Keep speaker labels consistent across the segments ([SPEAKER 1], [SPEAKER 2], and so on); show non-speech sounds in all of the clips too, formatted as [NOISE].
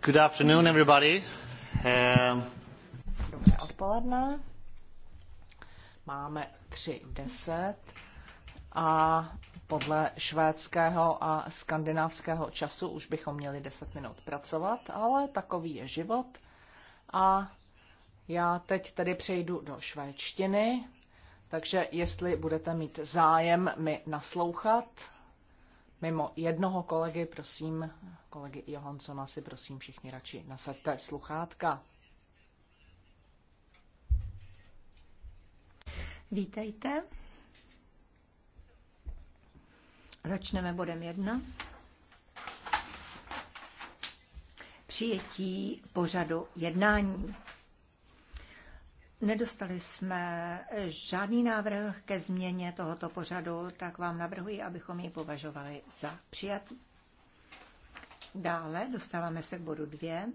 [SPEAKER 1] Good afternoon, everybody. Um... Dobré odpoledne. Máme 3.10 a podle švédského a skandinávského času už bychom měli 10 minut pracovat, ale takový je život. A já teď tady přejdu do švédštiny, takže jestli budete mít zájem mi naslouchat, Mimo jednoho kolegy, prosím, kolegy Johansona si prosím všichni radši nasaďte sluchátka.
[SPEAKER 2] Vítejte. Začneme bodem jedna. Přijetí pořadu jednání. Nedostali jsme žádný návrh ke změně tohoto pořadu, tak vám navrhuji, abychom ji považovali za přijatý. Dále dostáváme se k bodu dvě.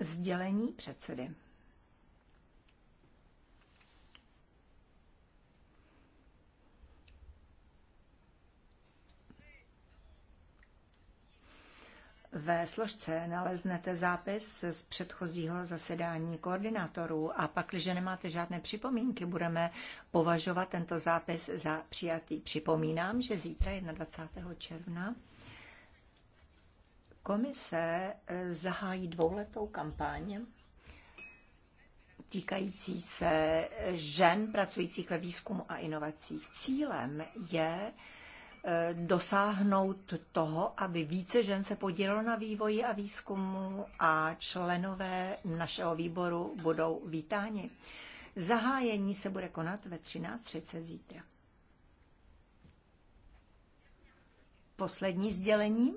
[SPEAKER 2] Sdělení předsedy. Ve složce naleznete zápis z předchozího zasedání koordinátorů a pak, když nemáte žádné připomínky, budeme považovat tento zápis za přijatý. Připomínám, že zítra 21. června komise eh, zahájí dvouletou kampaň týkající se žen pracujících ve výzkumu a inovacích. Cílem je dosáhnout toho, aby více žen se podílelo na vývoji a výzkumu a členové našeho výboru budou vítáni. Zahájení se bude konat ve 13.30 zítra. Poslední sdělení.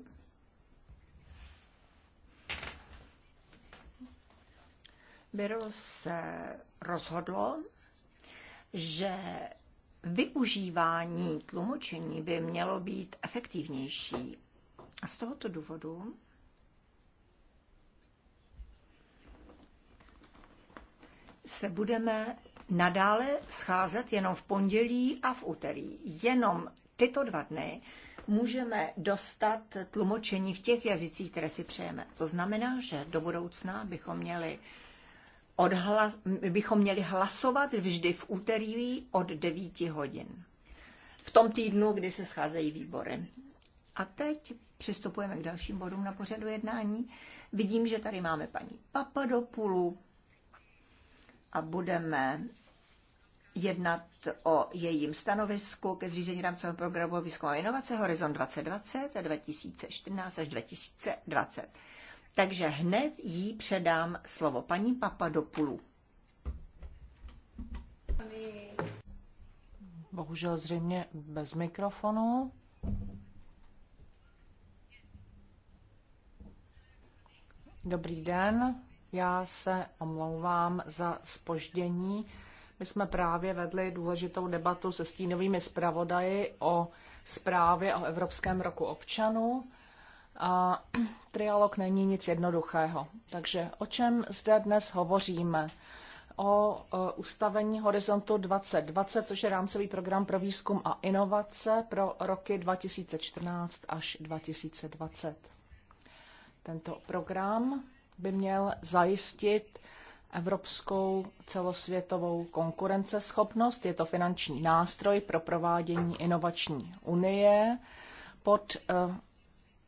[SPEAKER 2] Byro se rozhodlo, že využívání tlumočení by mělo být efektivnější. A z tohoto důvodu se budeme nadále scházet jenom v pondělí a v úterý. Jenom tyto dva dny můžeme dostat tlumočení v těch jazycích, které si přejeme. To znamená, že do budoucna bychom měli odhlas, bychom měli hlasovat vždy v úterý od 9 hodin. V tom týdnu, kdy se scházejí výbory. A teď přistupujeme k dalším bodům na pořadu jednání. Vidím, že tady máme paní Papadopulu a budeme jednat o jejím stanovisku ke zřízení rámcového programu výzkumu a inovace Horizon 2020 a 2014 až 2020. Takže hned jí předám slovo paní půlu.
[SPEAKER 1] Bohužel zřejmě bez mikrofonu. Dobrý den, já se omlouvám za spoždění. My jsme právě vedli důležitou debatu se stínovými zpravodaji o zprávě o Evropském roku občanů a [CLEARS THROAT] trialog není nic jednoduchého. Takže o čem zde dnes hovoříme? O ustavení Horizontu 2020, což je rámcový program pro výzkum a inovace pro roky 2014 až 2020. Tento program by měl zajistit evropskou celosvětovou konkurenceschopnost. Je to finanční nástroj pro provádění inovační unie pod eh,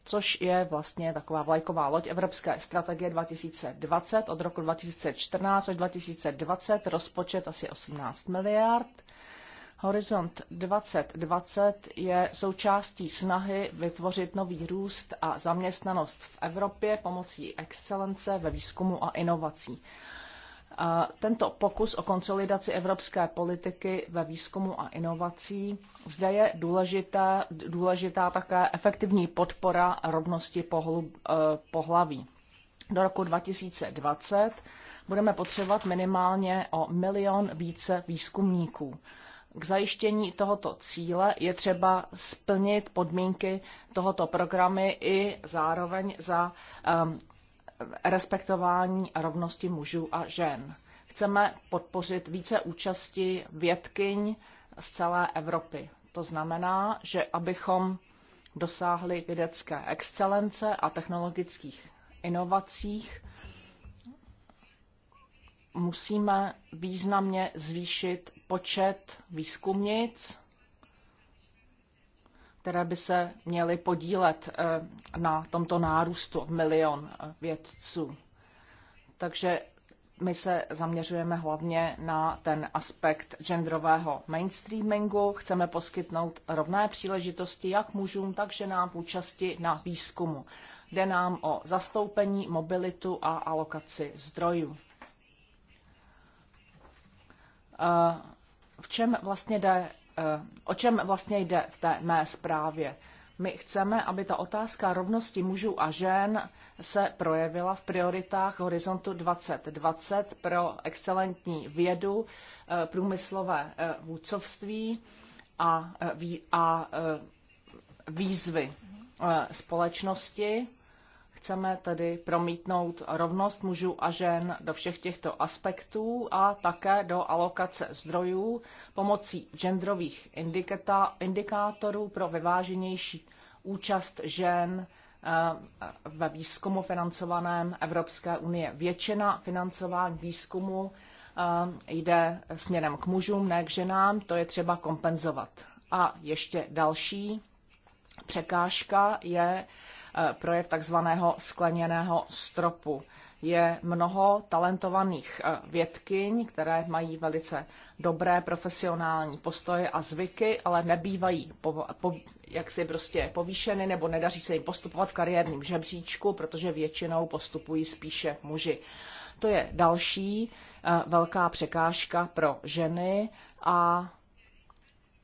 [SPEAKER 1] což je vlastně taková vlajková loď Evropské strategie 2020 od roku 2014 až 2020, rozpočet asi 18 miliard. Horizont 2020 je součástí snahy vytvořit nový růst a zaměstnanost v Evropě pomocí excelence ve výzkumu a inovací tento pokus o konsolidaci evropské politiky ve výzkumu a inovací. Zde je důležité, důležitá také efektivní podpora rovnosti eh, pohlaví. Do roku 2020 budeme potřebovat minimálně o milion více výzkumníků. K zajištění tohoto cíle je třeba splnit podmínky tohoto programy i zároveň za um, respektování a rovnosti mužů a žen. Chceme podpořit více účasti vědkyň z celé Evropy. To znamená, že abychom dosáhli vědecké excelence a technologických inovacích, musíme významně zvýšit počet výzkumnic, které by se měly podílet eh, na tomto nárůstu v milion eh, vědců. Takže my se zaměřujeme hlavně na ten aspekt genderového mainstreamingu. Chceme poskytnout rovné příležitosti jak mužům, tak ženám v účasti na výzkumu. Jde nám o zastoupení, mobilitu a alokaci zdrojů. Eh, v čem vlastně jde Eh, o čem vlastně jde v té mé zprávě. My chceme, aby ta otázka rovnosti mužů a žen se projevila v prioritách Horizontu 2020 pro excelentní vědu, eh, průmyslové eh, vůdcovství a, výzvy společnosti Chceme tedy promítnout rovnost mužů a žen do všech těchto aspektů a také do alokace zdrojů pomocí genderových indikátorů pro vyváženější účast žen eh, ve výzkumu financovaném Evropské unie. Většina financování výzkumu eh, jde směrem k mužům, ne k ženám, to je třeba kompenzovat. A ještě další překážka je Eh, projev takzvaného skleněného stropu. Je mnoho talentovaných eh, vědkyň, které mají velice dobré profesionální postoje a zvyky, ale nebývají po, po, jaksi prostě povýšeny nebo nedaří se jim postupovat v kariérním žebříčku, protože většinou postupují spíše muži. To je další eh, velká překážka pro ženy a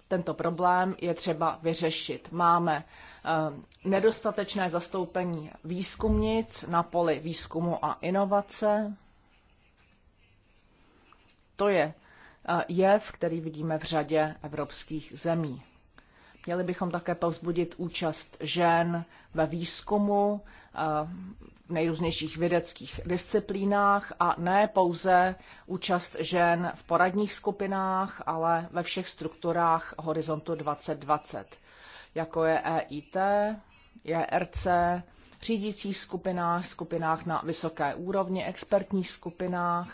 [SPEAKER 1] tento problém je třeba vyřešit. Máme eh, nedostatečné zastoupení výzkumnic na poli výzkumu a inovace. To je eh, jev, který vidíme v řadě evropských zemí. Měli bychom také povzbudit účast žen ve výzkumu v nejrůznějších vědeckých disciplínách a ne pouze účast žen v poradních skupinách, ale ve všech strukturách Horizontu 2020, jako je EIT, JRC, řídících skupinách, skupinách na vysoké úrovni, expertních skupinách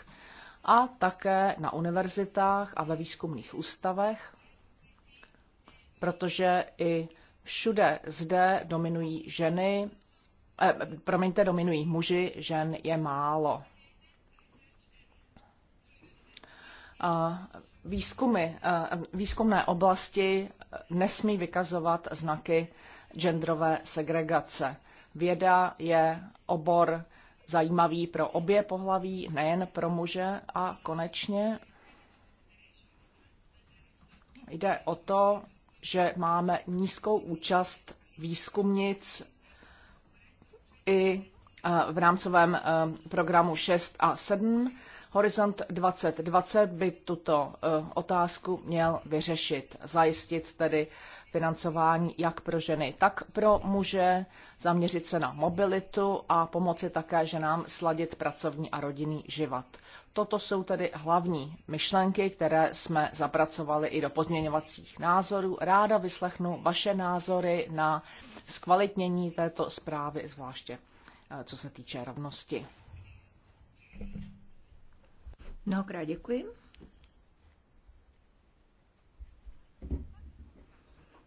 [SPEAKER 1] a také na univerzitách a ve výzkumných ústavech, protože i všude zde dominují ženy eh, promiňte, dominují muži, žen je málo. A eh, výzkumy, eh, výzkumné oblasti eh, nesmí vykazovat znaky genderové segregace. Věda je obor zajímavý pro obě pohlaví, nejen pro muže. A konečně jde o to, že máme nízkou účast výzkumnic i v rámcovém e, programu 6 a 7. Horizont 2020 by tuto e, otázku měl vyřešit, zajistit tedy financování jak pro ženy, tak pro muže, zaměřit se na mobilitu a pomoci také ženám sladit pracovní a rodinný život. Toto jsou tedy hlavní myšlenky, které jsme zapracovali i do pozměňovacích názorů. Ráda vyslechnu vaše názory na zkvalitnění této zprávy, zvláště eh, co se týče rovnosti.
[SPEAKER 2] Mnohokrát děkuji.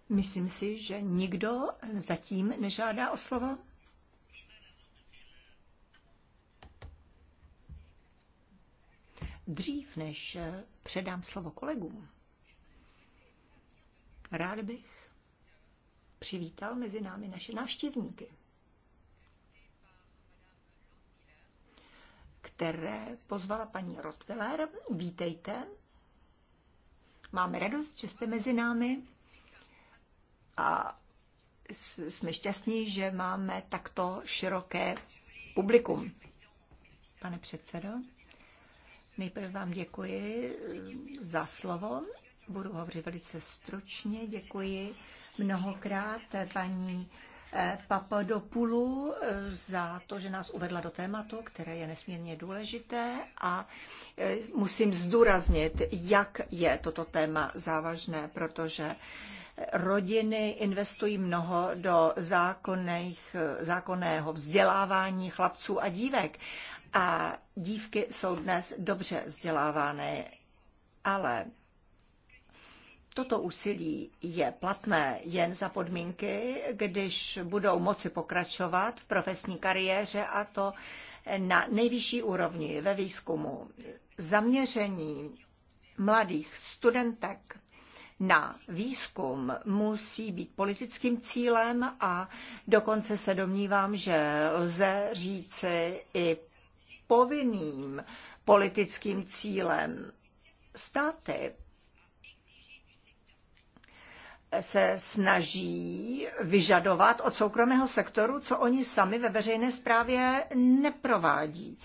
[SPEAKER 2] Myslím si, že nikdo zatím nežádá o slovo. Dřív než eh, předám slovo kolegům, rád bych přivítal mezi námi naše návštěvníky, které pozvala paní Rottweiler. Vítejte. Máme radost, že jste mezi námi a jsme šťastní, že máme takto široké publikum. Pane předsedo, Nejprve vám děkuji eh, za slovo. Budu hovořit velice stručně. Děkuji mnohokrát eh, paní eh, Papadopulu za to, že nás uvedla do tématu, které je nesmírně důležité a musím zdůraznit, jak je toto téma závažné, protože rodiny investují mnoho do zákonného vzdělávání chlapců a dívek a dívky jsou dnes dobře vzdělávány, ale Toto úsilí je platné jen za podmínky, když budou moci pokračovat v profesní kariéře a to na nejvyšší úrovni ve výzkumu. Zaměření mladých studentek na výzkum musí být politickým cílem a dokonce se domnívám, že lze říci i povinným politickým cílem. Státy se snaží vyžadovat od soukromého sektoru, co oni sami ve veřejné správě neprovádí.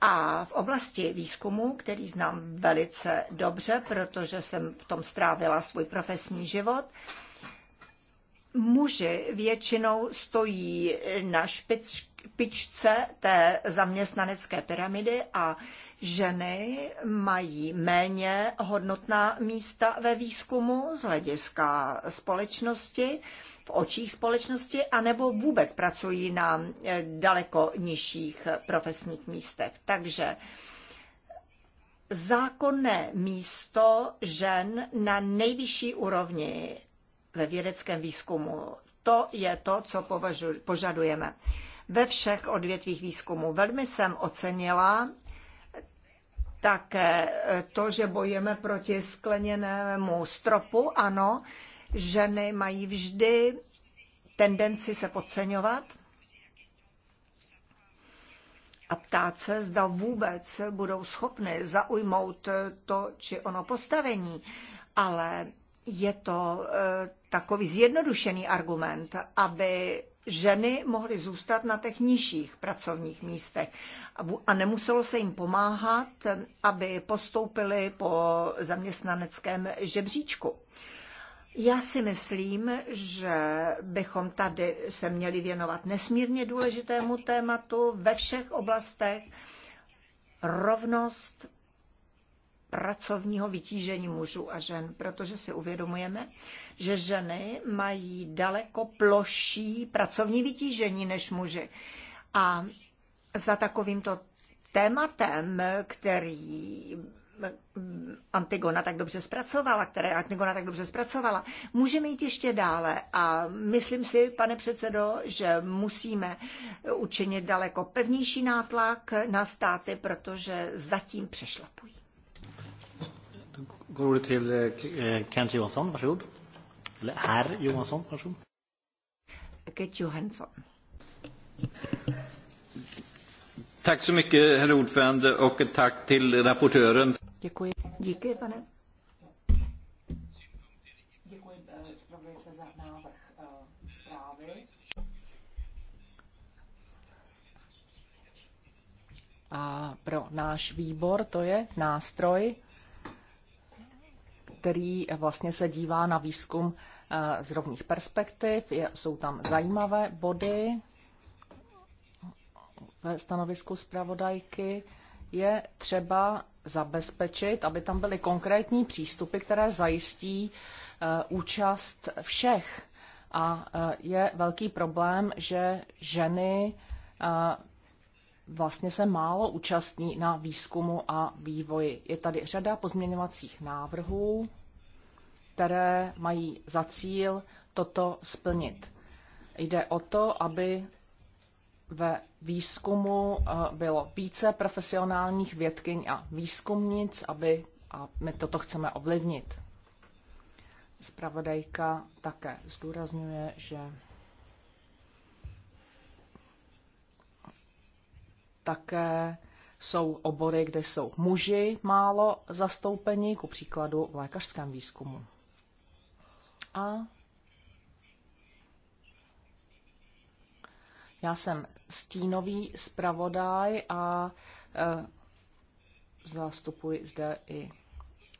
[SPEAKER 2] A v oblasti výzkumu, který znám velice dobře, protože jsem v tom strávila svůj profesní život, muži většinou stojí na špičce špičce té zaměstnanecké pyramidy a ženy mají méně hodnotná místa ve výzkumu z hlediska společnosti, v očích společnosti, anebo vůbec pracují na eh, daleko nižších profesních místech. Takže zákonné místo žen na nejvyšší úrovni ve vědeckém výzkumu. To je to, co považu, požadujeme ve všech odvětvích výzkumu. Velmi jsem ocenila také to, že bojujeme proti skleněnému stropu. Ano, ženy mají vždy tendenci se podceňovat a ptát se, zda vůbec budou schopny zaujmout to či ono postavení. Ale je to eh, takový zjednodušený argument, aby ženy mohly zůstat na těch nižších pracovních místech a nemuselo se jim pomáhat, aby postoupily po zaměstnaneckém žebříčku. Já si myslím, že bychom tady se měli věnovat nesmírně důležitému tématu ve všech oblastech rovnost pracovního vytížení mužů a žen, protože si uvědomujeme, že ženy mají daleko ploší pracovní vytížení než muži. A za takovýmto tématem, který Antigona tak dobře zpracovala, které Antigona tak dobře zpracovala. Můžeme jít ještě dále a myslím si, pane předsedo, že musíme učinit daleko pevnější nátlak na státy, protože zatím přešlapují.
[SPEAKER 1] Går till Kent Eller herr Johansson kanske?
[SPEAKER 2] Get Johansson. Tack så mycket, herr ordförande, och tack till rapportören. Děkuji. Díky, pane.
[SPEAKER 1] Děkuji zpravodajce za návrh zprávy. A pro náš výbor to je nástroj, který vlastně se dívá na výzkum eh, z rovných perspektiv. Je, jsou tam zajímavé body ve stanovisku zpravodajky. Je třeba zabezpečit, aby tam byly konkrétní přístupy, které zajistí eh, účast všech. A eh, je velký problém, že ženy vlastně se málo účastní na výzkumu a vývoji. Je tady řada pozměňovacích návrhů, které mají za cíl toto splnit. Jde o to, aby ve výzkumu eh, bylo více profesionálních vědkyň a výzkumnic, aby, a my toto chceme ovlivnit. Spravodajka také zdůrazňuje, že také jsou obory, kde jsou muži málo zastoupeni, ku příkladu v lékařském výzkumu. A já jsem stínový zpravodaj a e, zastupuji zde i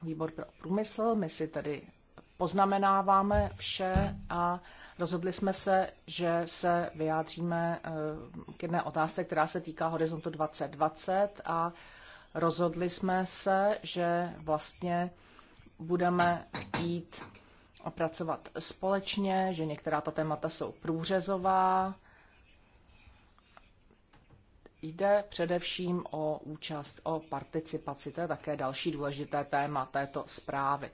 [SPEAKER 1] výbor pro průmysl. My si tedy poznamenáváme vše a rozhodli jsme se, že se vyjádříme eh, k jedné otázce, která se týká horizontu 2020 a rozhodli jsme se, že vlastně budeme chtít pracovat společně, že některá ta témata jsou průřezová. Jde především o účast, o participaci. To je také další důležité téma této zprávy.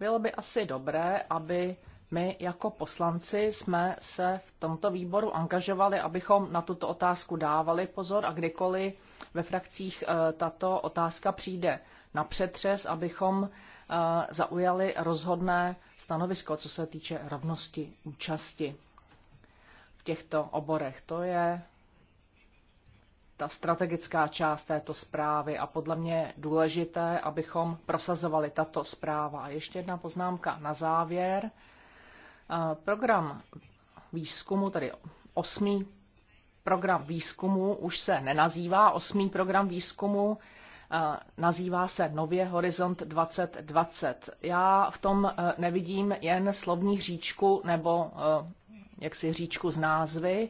[SPEAKER 1] Bylo by asi dobré, aby my jako poslanci jsme se v tomto výboru angažovali, abychom na tuto otázku dávali pozor a kdykoliv ve frakcích eh, tato otázka přijde na přetřes, abychom eh, zaujali rozhodné stanovisko, co se týče rovnosti účasti v těchto oborech. To je ta strategická část této zprávy a podle mě důležité, abychom prosazovali tato zpráva. A ještě jedna poznámka na závěr. Eh, program výzkumu, tedy osmý program výzkumu, už se nenazývá osmý program výzkumu, eh, nazývá se nově Horizont 2020. Já v tom eh, nevidím jen slovní hříčku nebo jaksi hříčku z názvy,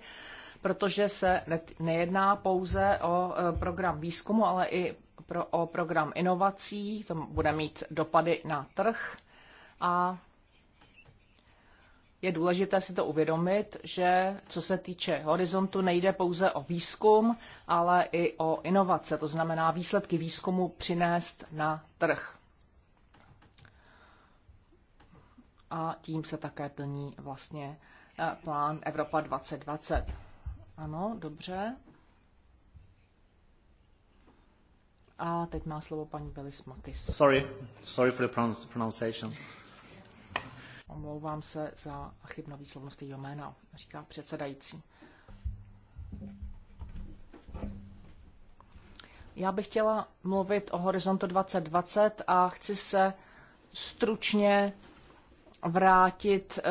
[SPEAKER 1] protože se nejedná pouze o e, program výzkumu, ale i pro, o program inovací. To bude mít dopady na trh a je důležité si to uvědomit, že co se týče horizontu, nejde pouze o výzkum, ale i o inovace, to znamená výsledky výzkumu přinést na trh. A tím se také plní vlastně e, plán Evropa 2020. Ano, dobře. A teď má slovo paní Belis Matis. Sorry, sorry for the pronunciation. Omlouvám se za chybnou výslovnost jeho jména, říká předsedající. Já bych chtěla mluvit o Horizontu 2020 a chci se stručně vrátit eh,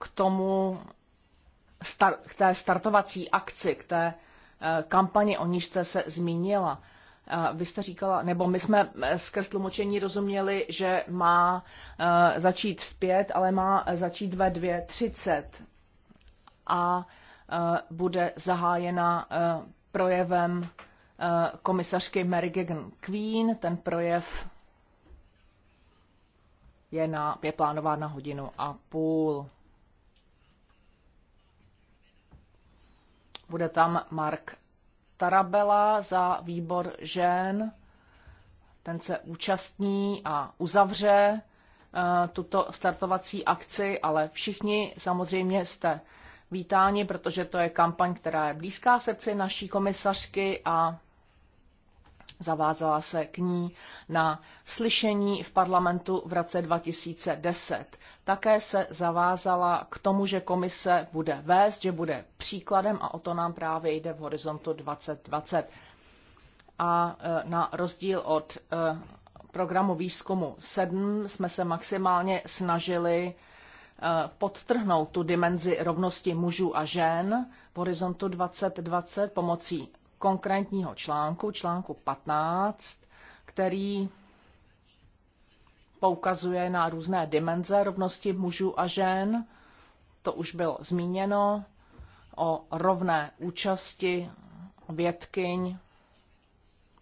[SPEAKER 1] k tomu, star, k té startovací akci, k té eh, kampani, o níž jste se zmínila. Eh, vy jste říkala, nebo my jsme eh, skrz tlumočení rozuměli, že má začít v pět, ale má začít ve dvě třicet a bude zahájena projevem komisařky Mary Gagan Queen. Ten projev je, na, je plánován na hodinu a půl. Bude tam Mark Tarabela za výbor žen. Ten se účastní a uzavře eh, tuto startovací akci, ale všichni samozřejmě jste vítáni, protože to je kampaň, která je blízká srdci naší komisařky a Zavázala se k ní na slyšení v parlamentu v roce 2010. Také se zavázala k tomu, že komise bude vést, že bude příkladem a o to nám právě jde v horizontu 2020. A e, na rozdíl od e, programu výzkumu 7 jsme se maximálně snažili e, podtrhnout tu dimenzi rovnosti mužů a žen v horizontu 2020 pomocí konkrétního článku, článku 15, který poukazuje na různé dimenze rovnosti mužů a žen. To už bylo zmíněno o rovné účasti vědkyň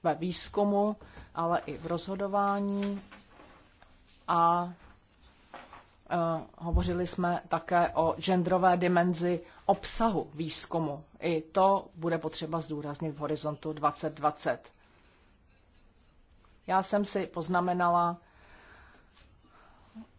[SPEAKER 1] ve výzkumu, ale i v rozhodování. A e, hovořili jsme také o genderové dimenzi obsahu výzkumu. I to bude potřeba zdůraznit v horizontu 2020. Já jsem si poznamenala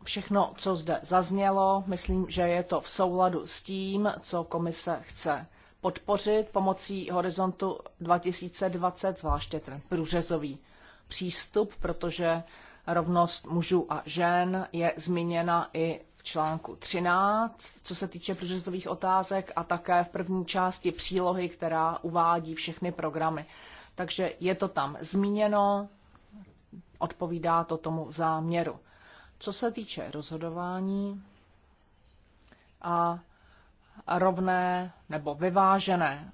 [SPEAKER 1] všechno, co zde zaznělo. Myslím, že je to v souladu s tím, co komise chce podpořit pomocí horizontu 2020, zvláště ten průřezový přístup, protože rovnost mužů a žen je zmíněna i článku 13, co se týče průřezových otázek a také v první části přílohy, která uvádí všechny programy. Takže je to tam zmíněno, odpovídá to tomu záměru. Co se týče rozhodování a rovné nebo vyvážené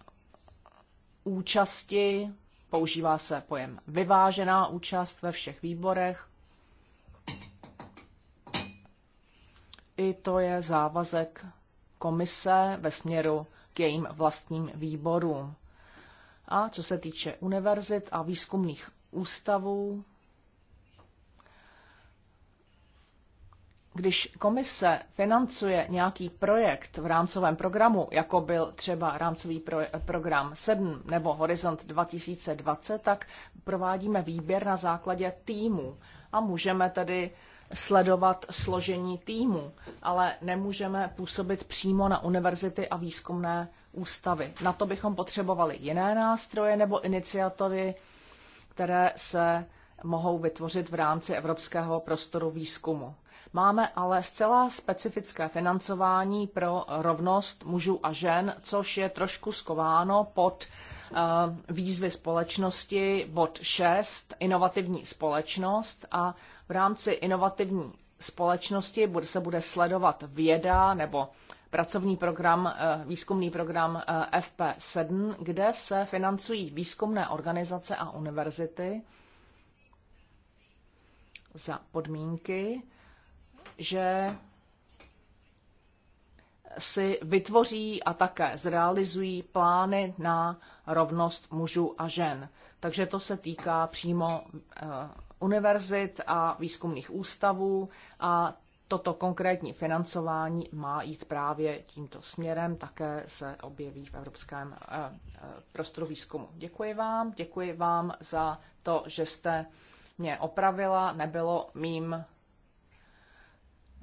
[SPEAKER 1] účasti, používá se pojem vyvážená účast ve všech výborech, I to je závazek komise ve směru k jejím vlastním výborům. A co se týče univerzit a výzkumných ústavů, když komise financuje nějaký projekt v rámcovém programu, jako byl třeba rámcový pro, program 7 nebo Horizont 2020, tak provádíme výběr na základě týmu a můžeme tedy sledovat složení týmu, ale nemůžeme působit přímo na univerzity a výzkumné ústavy. Na to bychom potřebovali jiné nástroje nebo iniciativy, které se mohou vytvořit v rámci evropského prostoru výzkumu. Máme ale zcela specifické financování pro rovnost mužů a žen, což je trošku skováno pod eh, výzvy společnosti, bod 6, inovativní společnost a v rámci inovativní společnosti bude, se bude sledovat věda nebo pracovní program, eh, výzkumný program eh, FP7, kde se financují výzkumné organizace a univerzity za podmínky, že si vytvoří a také zrealizují plány na rovnost mužů a žen. Takže to se týká přímo eh, univerzit a výzkumných ústavů a toto konkrétní financování má jít právě tímto směrem, také se objeví v evropském eh, eh, prostoru výzkumu. Děkuji vám, děkuji vám za to, že jste mě opravila, nebylo mým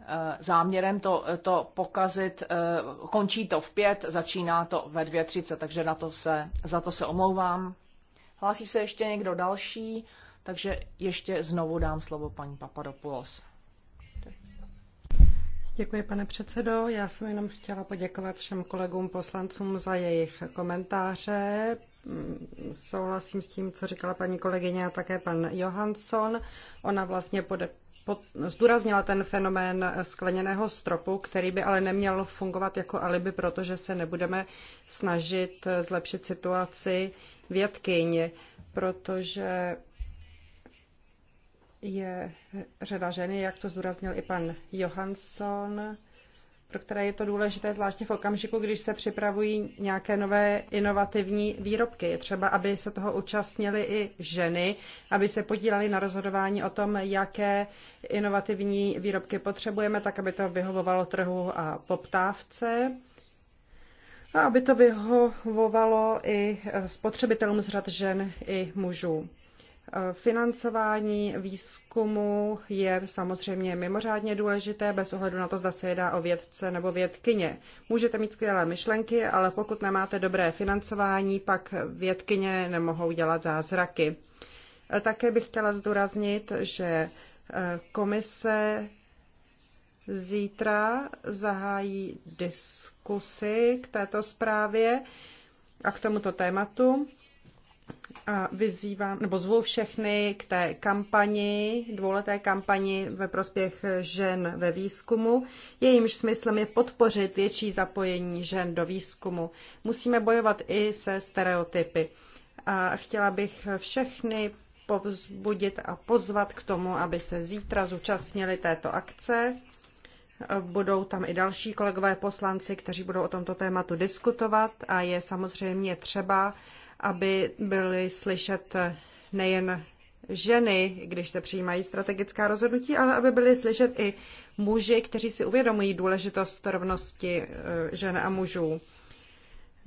[SPEAKER 1] Eh, záměrem to, to pokazit. Eh, končí to v pět, začíná to ve 2.30, takže na to se, za to se omlouvám. Hlásí se ještě někdo další, takže ještě znovu dám slovo paní Papadopoulos.
[SPEAKER 3] Děkuji, pane předsedo. Já jsem jenom chtěla poděkovat všem kolegům poslancům za jejich komentáře. Souhlasím s tím, co říkala paní kolegyně a také pan Johansson. Ona vlastně zdůraznila ten fenomén skleněného stropu, který by ale neměl fungovat jako alibi, protože se nebudeme snažit zlepšit situaci vědkyň, protože je řada ženy, jak to zdůraznil i pan Johansson, pro které je to důležité, zvláště v okamžiku, když se připravují nějaké nové inovativní výrobky. Je třeba, aby se toho účastnily i ženy, aby se podílely na rozhodování o tom, jaké inovativní výrobky potřebujeme, tak aby to vyhovovalo trhu a poptávce. A aby to vyhovovalo i spotřebitelům z řad žen i mužů. Financování výzkumu je samozřejmě mimořádně důležité, bez ohledu na to, zda se jedná o vědce nebo vědkyně. Můžete mít skvělé myšlenky, ale pokud nemáte dobré financování, pak vědkyně nemohou dělat zázraky. Také bych chtěla zdůraznit, že eh, komise zítra zahájí diskusy k této zprávě a k tomuto tématu a vyzývám, nebo zvu všechny k té kampani, dvouleté kampani ve prospěch žen ve výzkumu. Jejímž smyslem je podpořit větší zapojení žen do výzkumu. Musíme bojovat i se stereotypy. A chtěla bych všechny povzbudit a pozvat k tomu, aby se zítra zúčastnili této akce. Budou tam i další kolegové poslanci, kteří budou o tomto tématu diskutovat a je samozřejmě třeba, aby byly slyšet nejen ženy, když se přijímají strategická rozhodnutí, ale aby byly slyšet i muži, kteří si uvědomují důležitost rovnosti eh, žen a mužů.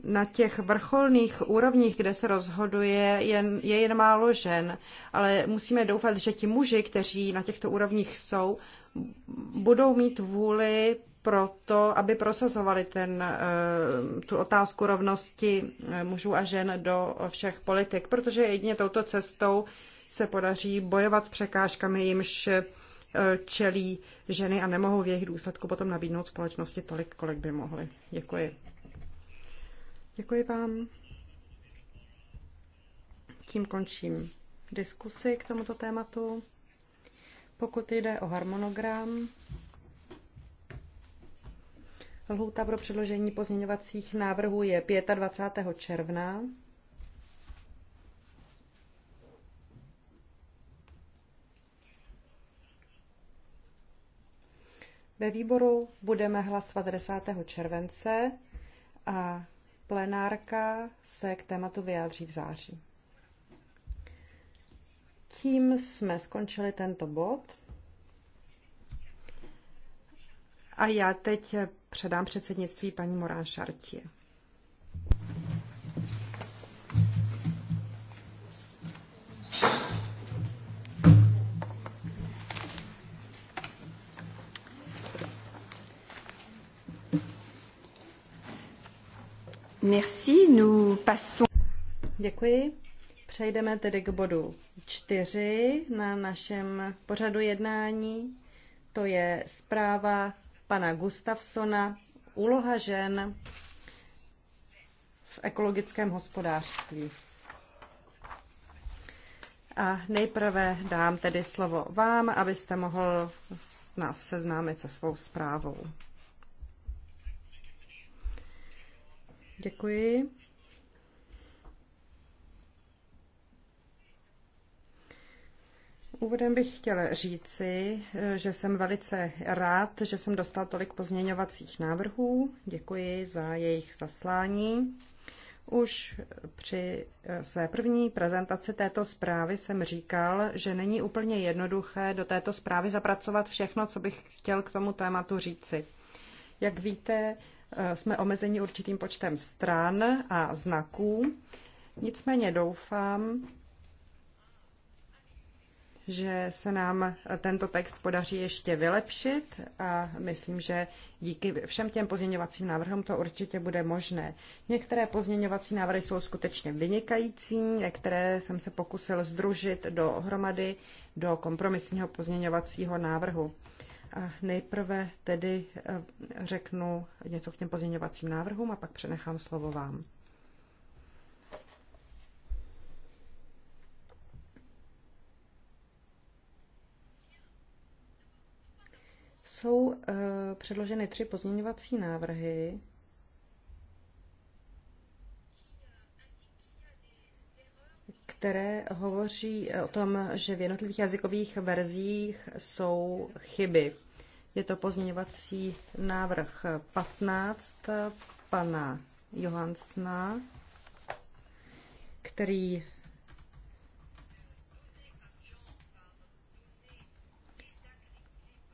[SPEAKER 3] Na těch vrcholných úrovních, kde se rozhoduje, je jen málo žen, ale musíme doufat, že ti muži, kteří na těchto úrovních jsou, budou mít vůli pro to, aby prosazovali ten, eh, tu otázku rovnosti eh, mužů a žen do všech politik, protože jedině touto cestou se podaří bojovat s překážkami, jimž eh, čelí ženy a nemohou v jejich důsledku potom nabídnout společnosti tolik, kolik by mohly. Děkuji. Děkuji vám. Tím končím diskusi k tomuto tématu. Pokud jde o harmonogram, Lhůta pro předložení pozměňovacích návrhů je 25. června. Ve výboru budeme hlasovat 10. července a plenárka se k tématu vyjádří v září. Tím jsme skončili tento bod. A já teď předám předsednictví paní Morán Šartě.
[SPEAKER 2] Merci, nous passons...
[SPEAKER 3] Děkuji. Přejdeme tedy k bodu čtyři na našem pořadu jednání. To je zpráva pana Gustafsona Úloha žen v ekologickém hospodářství. A nejprve dám tedy slovo vám, abyste mohl nás seznámit se svou zprávou. Děkuji. Úvodem bych chtěl říci, že jsem velice rád, že jsem dostal tolik pozměňovacích návrhů. Děkuji za jejich zaslání. Už při eh, své první prezentaci této zprávy jsem říkal, že není úplně jednoduché do této zprávy zapracovat všechno, co bych chtěl k tomu tématu říci. Jak víte, eh, jsme omezeni určitým počtem stran a znaků. Nicméně doufám, že se nám tento text podaří ještě vylepšit a myslím, že díky všem těm pozměňovacím návrhům to určitě bude možné. Některé pozměňovací návrhy jsou skutečně vynikající, některé jsem se pokusil združit dohromady do kompromisního pozměňovacího návrhu. A nejprve tedy eh, řeknu něco k těm pozměňovacím návrhům a pak přenechám slovo vám. jsou eh, předloženy tři pozměňovací návrhy. které hovoří o tom, že v jednotlivých jazykových verzích jsou chyby. Je to pozměňovací návrh 15 pana Johansna, který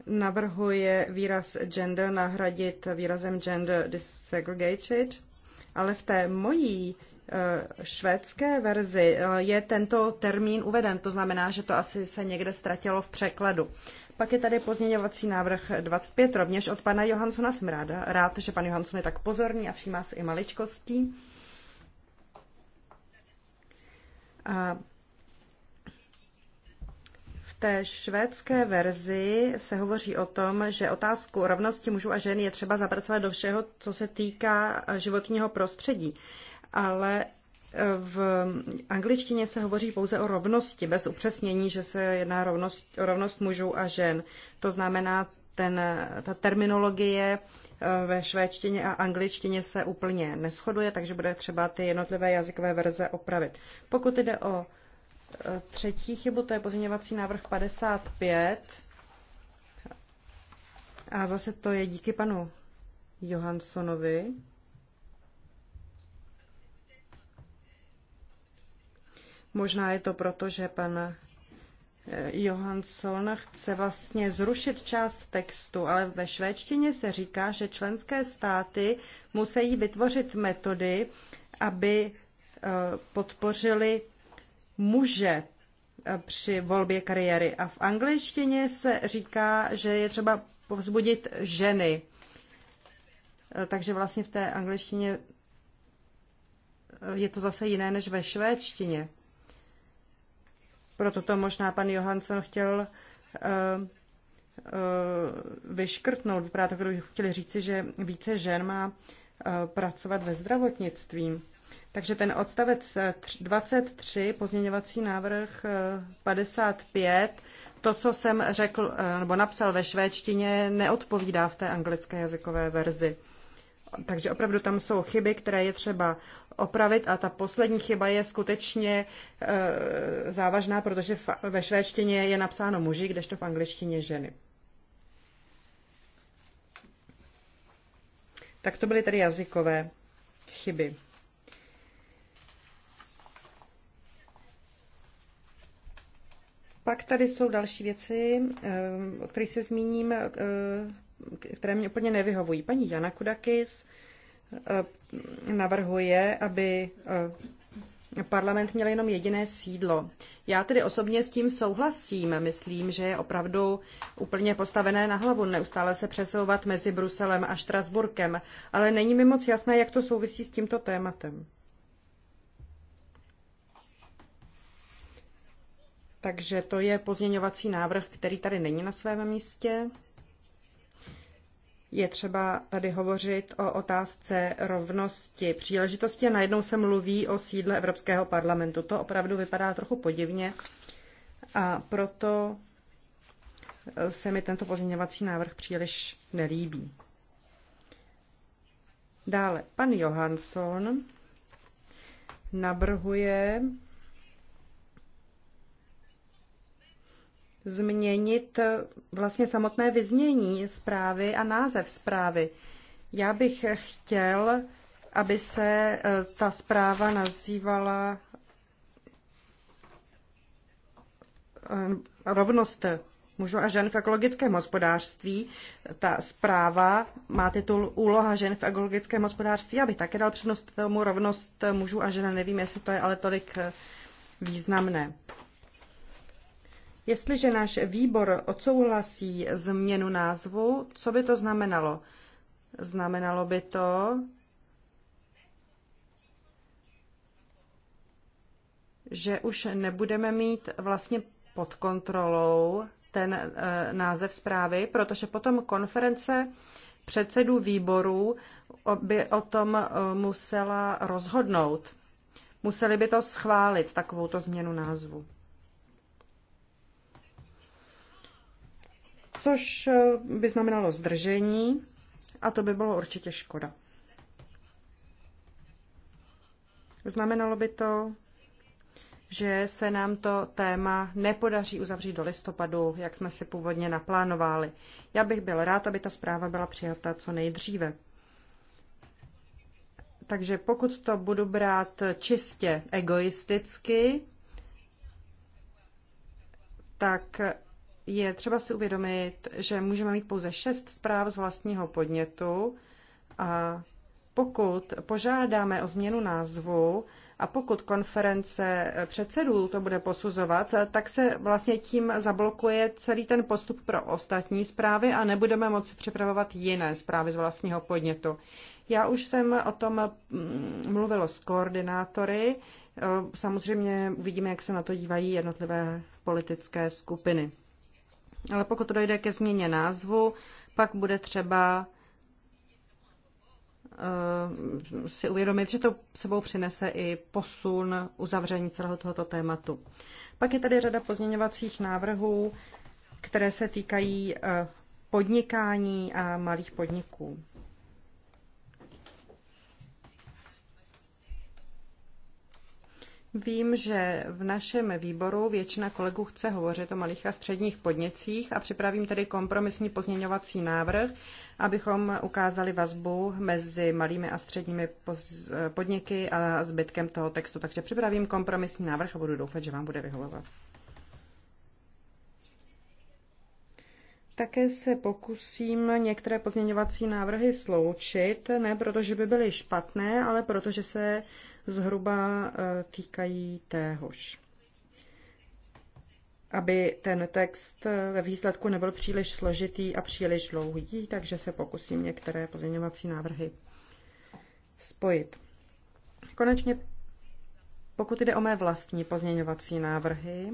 [SPEAKER 3] navrhuje výraz gender nahradit výrazem gender disaggregated, ale v té mojí eh, švédské verzi eh, je tento termín uveden, to znamená, že to asi se někde ztratilo v překladu. Pak je tady pozměňovací návrh 25, rovněž od pana Johansona. Jsem ráda, rád, že pan Johansson je tak pozorný a všímá si i maličkostí. A té švédské verzi se hovoří o tom, že otázku rovnosti mužů a žen je třeba zapracovat do všeho, co se týká e, životního prostředí. Ale e, v angličtině se hovoří pouze o rovnosti, bez upřesnění, že se jedná rovnost, o rovnost mužů a žen. To znamená, ten, ta terminologie e, ve švédštině a angličtině se úplně neschoduje, takže bude třeba ty jednotlivé jazykové verze opravit. Pokud jde o třetí chybu, to je pozměňovací návrh 55. A zase to je díky panu Johanssonovi. Možná je to proto, že pan eh, Johansson chce vlastně zrušit část textu, ale ve švédštině se říká, že členské státy musí vytvořit metody, aby eh, podpořili muže eh, při volbě kariéry. A v angličtině se říká, že je třeba povzbudit ženy. Eh, takže vlastně v té angličtině eh, je to zase jiné než ve švédštině. Proto to možná pan Johansson chtěl vyškrtnout. Vypadá to, kdyby chtěli říci, že více žen má pracovat ve zdravotnictví. Takže ten odstavec 23, eh, pozměňovací návrh 55, eh, to, co jsem řekl eh, nebo napsal ve švédštině, neodpovídá v té anglické jazykové verzi. Takže opravdu tam jsou chyby, které je třeba opravit a ta poslední chyba je skutečně e, závažná, protože v, ve švédštině je napsáno muži, kdežto v angličtině ženy. Tak to byly tedy jazykové chyby. Pak tady jsou další věci, eh, o kterých se zmíním, eh, které mě úplně nevyhovují. Paní Jana Kudakis eh, navrhuje, aby parlament měl jenom jediné sídlo. Já tedy osobně s tím souhlasím. Myslím, že je opravdu úplně postavené na hlavu neustále se přesouvat mezi Bruselem a Štrasburkem, ale není mi moc jasné, jak to souvisí s tímto tématem. Takže to je pozměňovací návrh, který tady není na svém místě. Je třeba tady hovořit o otázce rovnosti příležitosti a najednou se mluví o sídle Evropského parlamentu. To opravdu vypadá trochu podivně a proto eh, se mi tento pozměňovací návrh příliš nelíbí. Dále pan Johansson navrhuje změnit eh, vlastně samotné vyznění zprávy a název zprávy. Já bych chtěl, aby se eh, ta zpráva nazývala eh, rovnost mužů a žen v ekologickém hospodářství. Ta zpráva má titul Úloha žen v ekologickém hospodářství. Já bych také dal přednost tomu rovnost mužů a žen. Nevím, jestli to je ale tolik významné. Jestliže náš výbor odsouhlasí změnu názvu, co by to znamenalo? Znamenalo by to, že už nebudeme mít vlastně pod kontrolou ten eh, název zprávy, protože potom konference předsedů výborů by o tom eh, musela rozhodnout. Museli by to schválit, takovouto změnu názvu. což eh, by znamenalo zdržení a to by bylo určitě škoda. Znamenalo by to, že se nám to téma nepodaří uzavřít do listopadu, jak jsme si původně naplánovali. Já bych byl rád, aby ta zpráva byla přijata co nejdříve. Takže pokud to budu brát čistě egoisticky, tak je třeba si uvědomit, že můžeme mít pouze šest zpráv z vlastního podnětu a pokud požádáme o změnu názvu a pokud konference předsedů to bude posuzovat, tak se vlastně tím zablokuje celý ten postup pro ostatní zprávy a nebudeme moci připravovat jiné zprávy z vlastního podnětu. Já už jsem o tom mm, mluvila s koordinátory. Samozřejmě uvidíme, jak se na to dívají jednotlivé politické skupiny ale pokud dojde ke změně názvu, pak bude třeba eh, si uvědomit, že to sebou přinese i posun uzavření celého tohoto tématu. Pak je tady řada pozměňovacích návrhů, které se týkají eh, podnikání a malých podniků. Vím, že v našem výboru většina kolegů chce hovořit o malých a středních podnicích a připravím tedy kompromisní pozměňovací návrh, abychom ukázali vazbu mezi malými a středními podniky a zbytkem toho textu. Takže připravím kompromisní návrh a budu doufat, že vám bude vyhovovat. Také se pokusím některé pozměňovací návrhy sloučit, ne protože by byly špatné, ale protože se zhruba eh, týkají téhož. Aby ten text eh, ve výsledku nebyl příliš složitý a příliš dlouhý, takže se pokusím některé pozměňovací návrhy spojit. Konečně, pokud jde o mé vlastní pozměňovací návrhy,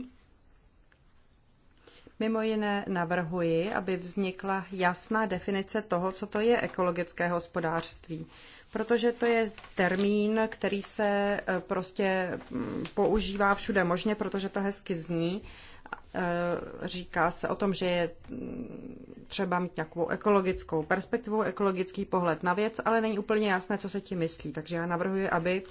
[SPEAKER 3] Mimo jiné navrhuji, aby vznikla jasná definice toho, co to je ekologické hospodářství, protože to je termín, který se eh, prostě mm, používá všude možně, protože to hezky zní. Eh, říká se o tom, že je mm, třeba mít nějakou ekologickou perspektivu, ekologický pohled na věc, ale není úplně jasné, co se tím myslí. Takže já navrhuji, aby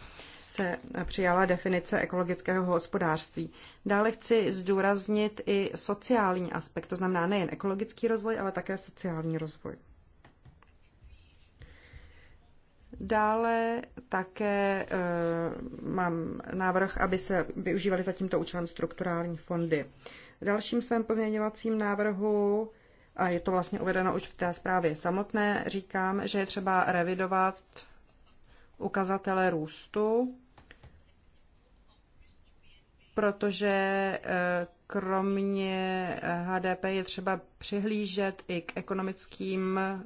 [SPEAKER 3] se přijala definice ekologického hospodářství. Dále chci zdůraznit i sociální aspekt, to znamená nejen ekologický rozvoj, ale také sociální rozvoj. Dále také e, mám návrh, aby se využívaly za tímto účelem strukturální fondy. V dalším svém pozměňovacím návrhu, a je to vlastně uvedeno už v té zprávě samotné, říkám, že je třeba revidovat ukazatele růstu protože eh, kromě HDP eh, je třeba přihlížet i k ekonomickým eh,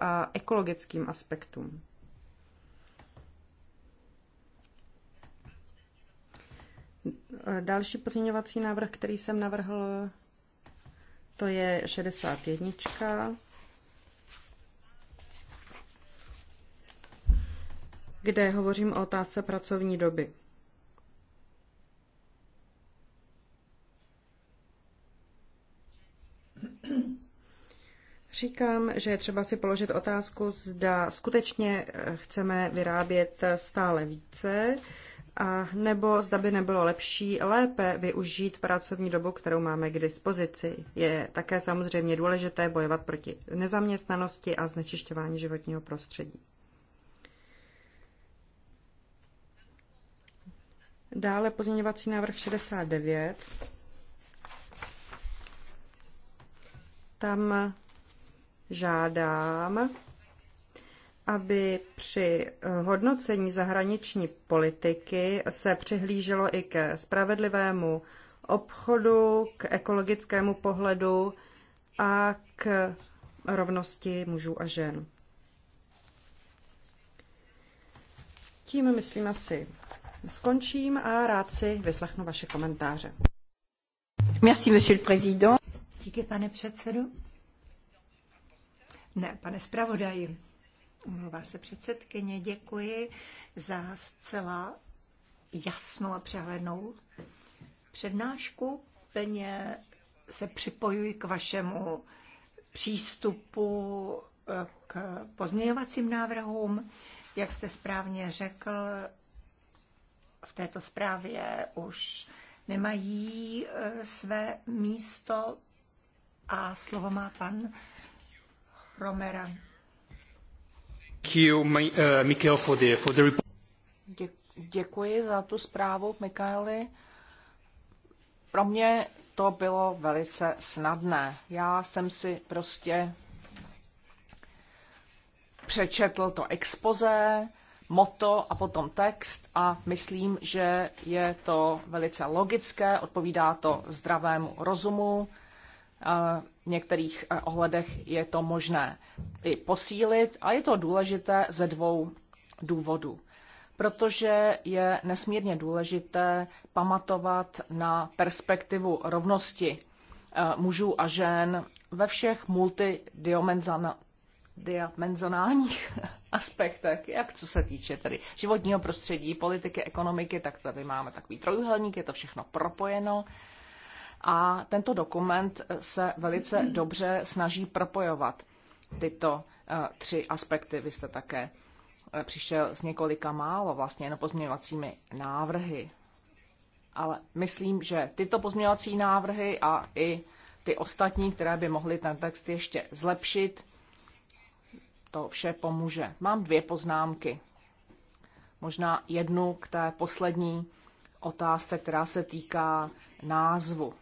[SPEAKER 3] a ekologickým aspektům. Další pozměňovací návrh, který jsem navrhl, to je 61. kde hovořím o otázce pracovní doby. Říkám, že je třeba si položit otázku, zda skutečně eh, chceme vyrábět eh, stále více, a nebo zda by nebylo lepší lépe využít pracovní dobu, kterou máme k dispozici. Je také samozřejmě důležité bojovat proti nezaměstnanosti a znečišťování životního prostředí. Dále pozměňovací návrh 69. Tam žádám, aby při hodnocení zahraniční politiky se přihlíželo i ke spravedlivému obchodu, k ekologickému pohledu a k rovnosti mužů a žen. Tím, myslím, asi skončím a rád si vyslechnu vaše komentáře.
[SPEAKER 2] Merci, monsieur le président.
[SPEAKER 3] Díky, pane předsedu.
[SPEAKER 2] Ne, pane zpravodaji. Omlouvá se předsedkyně, děkuji za zcela jasnou a přehlednou přednášku. Plně se připojuji k vašemu přístupu eh, k pozměňovacím návrhům. Jak jste správně řekl, v této zprávě už nemají eh, své místo a slovo má
[SPEAKER 1] pan Romera. Děkuji za tu zprávu, Mikaeli. Pro mě to bylo velice snadné. Já jsem si prostě přečetl to expoze, moto a potom text a myslím, že je to velice logické, odpovídá to zdravému rozumu. Eh, v některých eh, ohledech je to možné i posílit a je to důležité ze dvou důvodů. Protože je nesmírně důležité pamatovat na perspektivu rovnosti eh, mužů a žen ve všech multidimenzionálních [LAUGHS] aspektech, jak co se týče tedy životního prostředí, politiky, ekonomiky, tak tady máme takový trojuhelník, je to všechno propojeno a tento dokument se velice dobře snaží propojovat tyto eh, tři aspekty. Vy jste také eh, přišel s několika málo vlastně jen pozměňovacími návrhy. Ale myslím, že tyto pozměňovací návrhy a i ty ostatní, které by mohly ten text ještě zlepšit, to vše pomůže. Mám dvě poznámky. Možná jednu k té poslední otázce, která se týká názvu.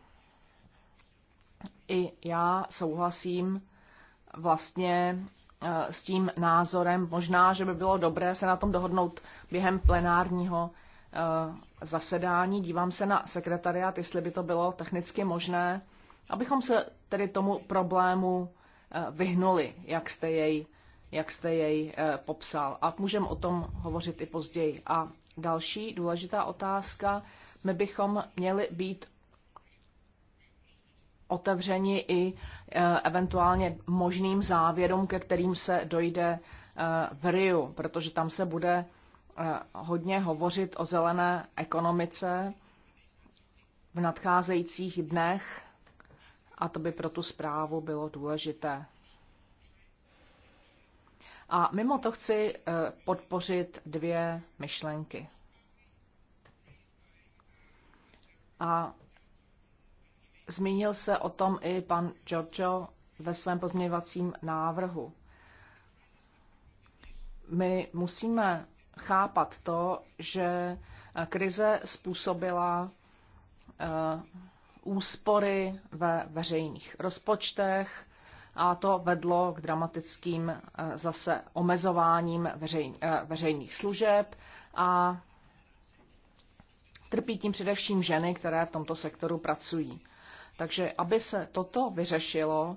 [SPEAKER 1] I já souhlasím vlastně eh, s tím názorem, možná, že by bylo dobré se na tom dohodnout během plenárního eh, zasedání. Dívám se na sekretariát, jestli by to bylo technicky možné, abychom se tedy tomu problému eh, vyhnuli, jak jste jej, jak jste jej popsal. A můžeme o tom hovořit i později. A další důležitá otázka, my bychom měli být otevřeni i eh, eventuálně možným závěrům, ke kterým se dojde eh, v Riu, protože tam se bude eh, hodně hovořit o zelené ekonomice v nadcházejících dnech a to by pro tu zprávu bylo důležité. A mimo to chci podpořit dvě myšlenky. A Zmínil se o tom i pan Giorgio ve svém pozměňovacím návrhu. My musíme chápat to, že krize způsobila eh, úspory ve veřejných rozpočtech a to vedlo k dramatickým eh, zase omezováním eh, veřejných služeb a trpí tím především ženy, které v tomto sektoru pracují. Takže aby se toto vyřešilo,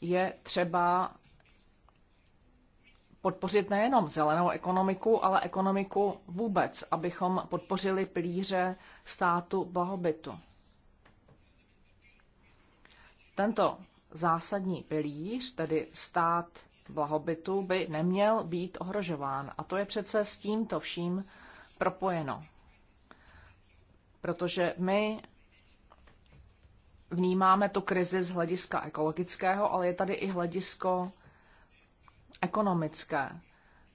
[SPEAKER 1] je třeba podpořit nejenom zelenou ekonomiku, ale ekonomiku vůbec, abychom podpořili plíře státu blahobytu. Tento zásadní pilíř, tedy stát blahobytu, by neměl být ohrožován. A to je přece s tímto vším propojeno. Protože my vnímáme tu krizi z hlediska ekologického, ale je tady i hledisko ekonomické,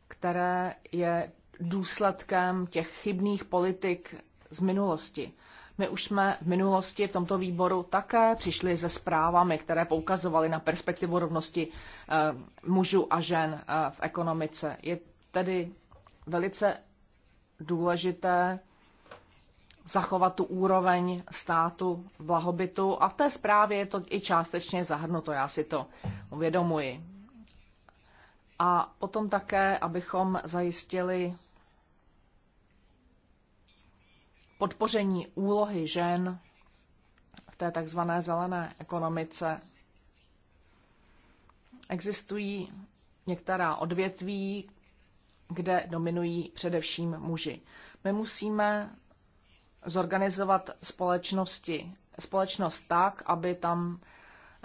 [SPEAKER 1] které je důsledkem těch chybných politik z minulosti. My už jsme v minulosti v tomto výboru také přišli se zprávami, které poukazovaly na perspektivu rovnosti eh, mužů a žen eh, v ekonomice. Je tedy velice důležité zachovat tu úroveň státu blahobytu a v té zprávě je to i částečně zahrnuto, já si to uvědomuji. A potom také, abychom zajistili podpoření úlohy žen v té takzvané zelené ekonomice. Existují některá odvětví, kde dominují především muži. My musíme zorganizovat společnosti, společnost tak, aby tam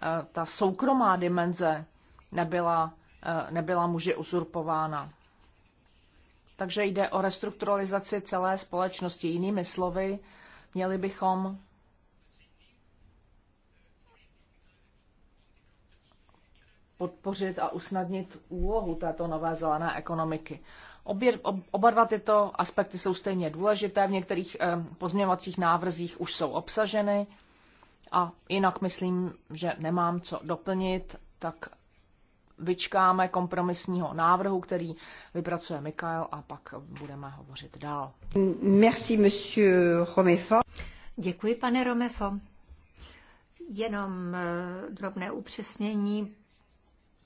[SPEAKER 1] eh, ta soukromá dimenze nebyla, eh, nebyla muži uzurpována. Takže jde o restrukturalizaci celé společnosti. Jinými slovy, měli bychom podpořit a usnadnit úlohu této nové zelené ekonomiky. Obě, oba dva tyto aspekty jsou stejně důležité, v některých eh, pozměňovacích návrzích už jsou obsaženy a jinak myslím, že nemám co doplnit, tak vyčkáme kompromisního návrhu, který vypracuje Mikael a pak budeme hovořit dál.
[SPEAKER 2] Merci, monsieur Romefo. Děkuji, pane Romefo. Jenom eh, drobné upřesnění,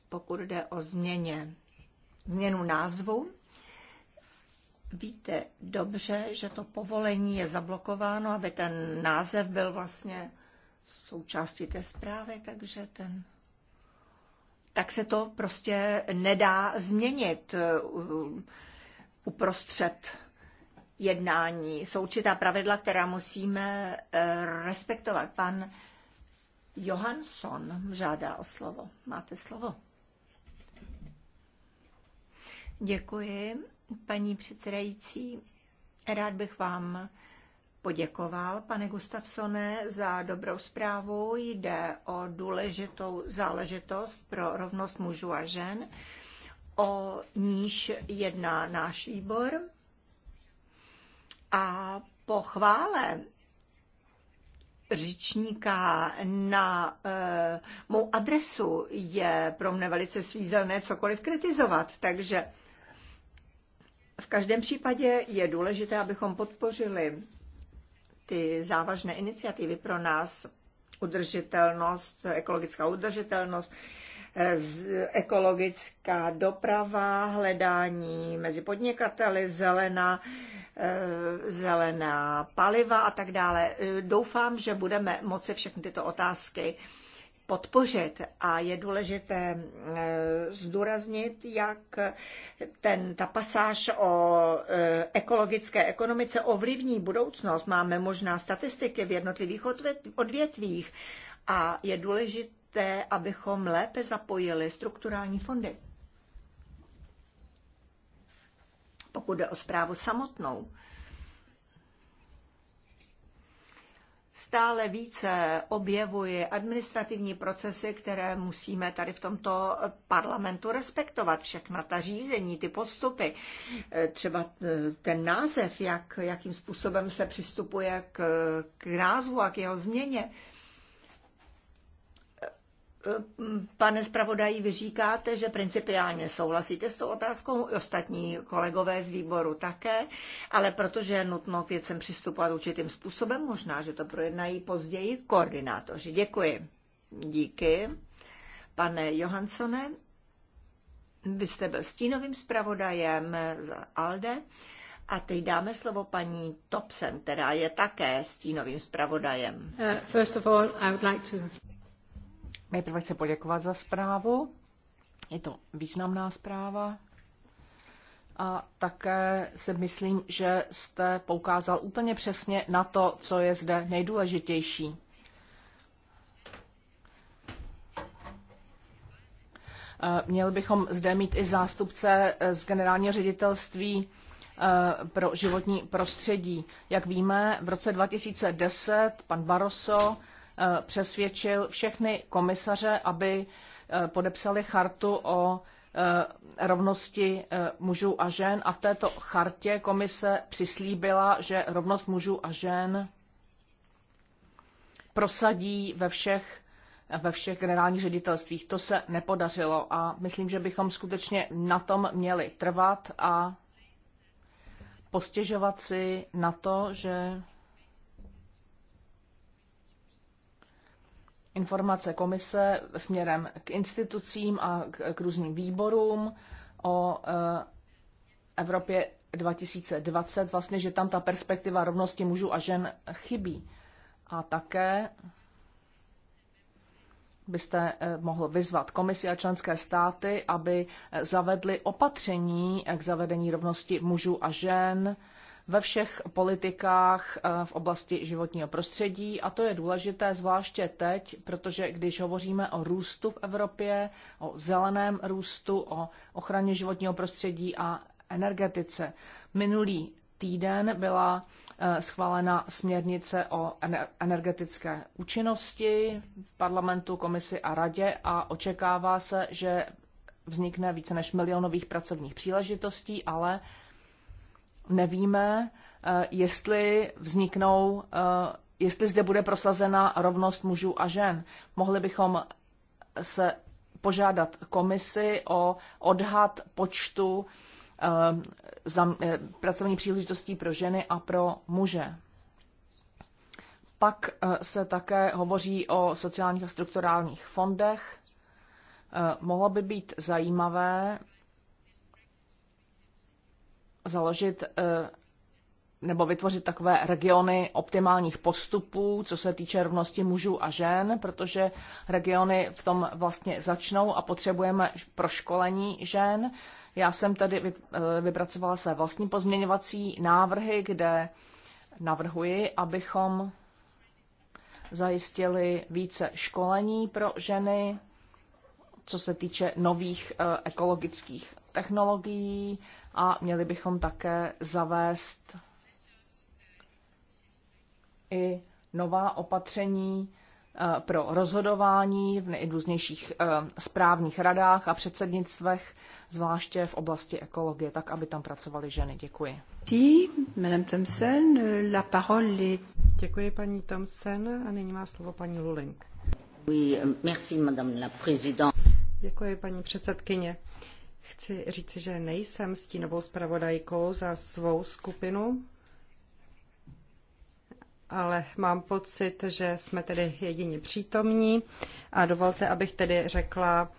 [SPEAKER 2] pokud jde o změně, změnu názvu víte dobře, že to povolení je zablokováno, aby ten název byl vlastně součástí té zprávy, takže ten tak se to prostě nedá změnit eh, uprostřed jednání. Jsou určitá pravidla, která musíme eh, respektovat. Pan Johansson žádá o slovo. Máte slovo. Děkuji paní předsedající. Rád bych vám poděkoval, pane Gustafsone, za dobrou zprávu. Jde o důležitou záležitost pro rovnost mužů a žen, o níž jedná náš výbor. A po chvále řečníka na uh, mou adresu je pro mne velice svízelné cokoliv kritizovat, takže v každém případě je důležité, abychom podpořili ty závažné iniciativy pro nás, udržitelnost, ekologická udržitelnost, ekologická doprava, hledání mezi podnikateli, zelená, eh, zelená paliva a tak dále. Eh, doufám, že budeme moci všechny tyto otázky podpořit a je důležité eh, zdůraznit, jak ten, ta pasáž o eh, ekologické ekonomice ovlivní budoucnost. Máme možná statistiky v jednotlivých odvětvích a je důležité, abychom lépe zapojili strukturální fondy. Pokud jde o zprávu samotnou, stále více objevuje administrativní procesy, které musíme tady v tomto parlamentu respektovat. Všechna ta řízení, ty postupy, eh, třeba eh, ten název, jak, jakým způsobem se přistupuje k, k názvu a k jeho změně pane zpravodaji, vy říkáte, že principiálně souhlasíte s tou otázkou, ostatní kolegové z výboru také, ale protože je nutno k věcem přistupovat určitým způsobem, možná, že to projednají později koordinátoři. Děkuji. Díky. Pane Johansone, vy jste byl stínovým zpravodajem za ALDE a teď dáme slovo paní Topsen, která je také stínovým zpravodajem. Uh,
[SPEAKER 1] first of all, I would like to... Nejprve chci poděkovat za zprávu. Je to významná zpráva. A také si myslím, že jste poukázal úplně přesně na to, co je zde nejdůležitější. Eh, měli bychom zde mít i zástupce eh, z generálního ředitelství eh, pro životní prostředí. Jak víme, v roce 2010 pan Barroso Eh, přesvědčil všechny komisaře, aby eh, podepsali chartu o eh, rovnosti mužů a žen a v této chartě komise přislíbila, že rovnost mužů a žen prosadí ve všech ve všech generálních ředitelstvích. To se nepodařilo a myslím, že bychom skutečně na tom měli trvat a postěžovat si na to, že informace komise směrem k institucím a k, k různým výborům o eh, Evropě 2020, vlastně, že tam ta perspektiva rovnosti mužů a žen chybí. A také byste eh, mohl vyzvat komisi a členské státy, aby eh, zavedly opatření k zavedení rovnosti mužů a žen, ve všech politikách eh, v oblasti životního prostředí a to je důležité zvláště teď, protože když hovoříme o růstu v Evropě, o zeleném růstu, o ochraně životního prostředí a energetice. Minulý týden byla eh, schválena směrnice o energetické účinnosti v parlamentu, komisi a radě a očekává se, že vznikne více než milionových pracovních příležitostí, ale nevíme, eh, jestli vzniknou, eh, jestli zde bude prosazena rovnost mužů a žen. Mohli bychom se požádat komisi o odhad počtu eh, pracovní příležitostí pro ženy a pro muže. Pak se také hovoří o sociálních a strukturálních fondech. Mohlo by být zajímavé založit eh, nebo vytvořit takové regiony optimálních postupů, co se týče rovnosti mužů a žen, protože regiony v tom vlastně začnou a potřebujeme proškolení žen. Já jsem tady eh, vypracovala své vlastní pozměňovací návrhy, kde navrhuji, abychom zajistili více školení pro ženy, co se týče nových eh, ekologických technologií a měli bychom také zavést i nová opatření eh, pro rozhodování v nejrůznějších eh, správních radách a předsednictvech, zvláště v oblasti ekologie, tak, aby tam pracovaly ženy. Děkuji.
[SPEAKER 3] Děkuji, paní Thompson. A nyní má slovo paní Luling. Oui, merci, madame la présidente. Děkuji, paní předsedkyně. Chci říci, že nejsem stínovou zpravodajkou za svou skupinu, ale mám pocit, že jsme tedy jedině přítomní a dovolte, abych tedy řekla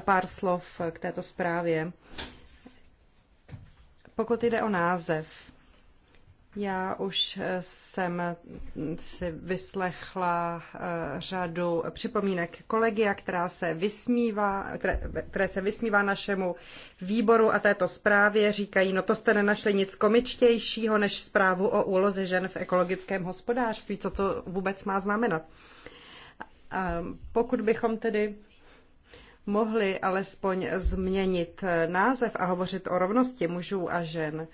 [SPEAKER 3] pár slov k této zprávě. Pokud jde o název, já už eh, jsem si vyslechla eh, řadu připomínek kolegia, která se vysmívá, které, které se vysmívá našemu výboru a této zprávě. Říkají, no to jste nenašli nic komičtějšího než zprávu o úloze žen v ekologickém hospodářství. Co to vůbec má znamenat? Ehm, pokud bychom tedy mohli alespoň změnit eh, název a hovořit o rovnosti mužů a žen,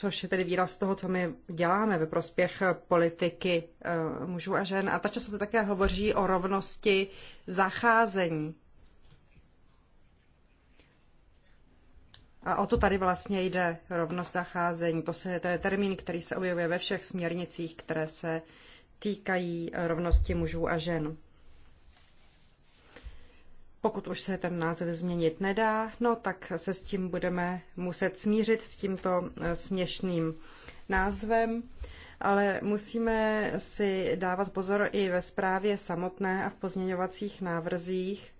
[SPEAKER 3] což je tedy výraz toho, co my děláme ve prospěch politiky eh, mužů a žen. A ta často také hovoří o rovnosti zacházení. A o to tady vlastně jde, rovnost zacházení. To, se, to je termín, který se objevuje ve všech směrnicích, které se týkají rovnosti mužů a žen pokud už se ten název změnit nedá, no tak se s tím budeme muset smířit, s tímto eh, směšným názvem. Ale musíme si dávat pozor i ve zprávě samotné a v pozměňovacích návrzích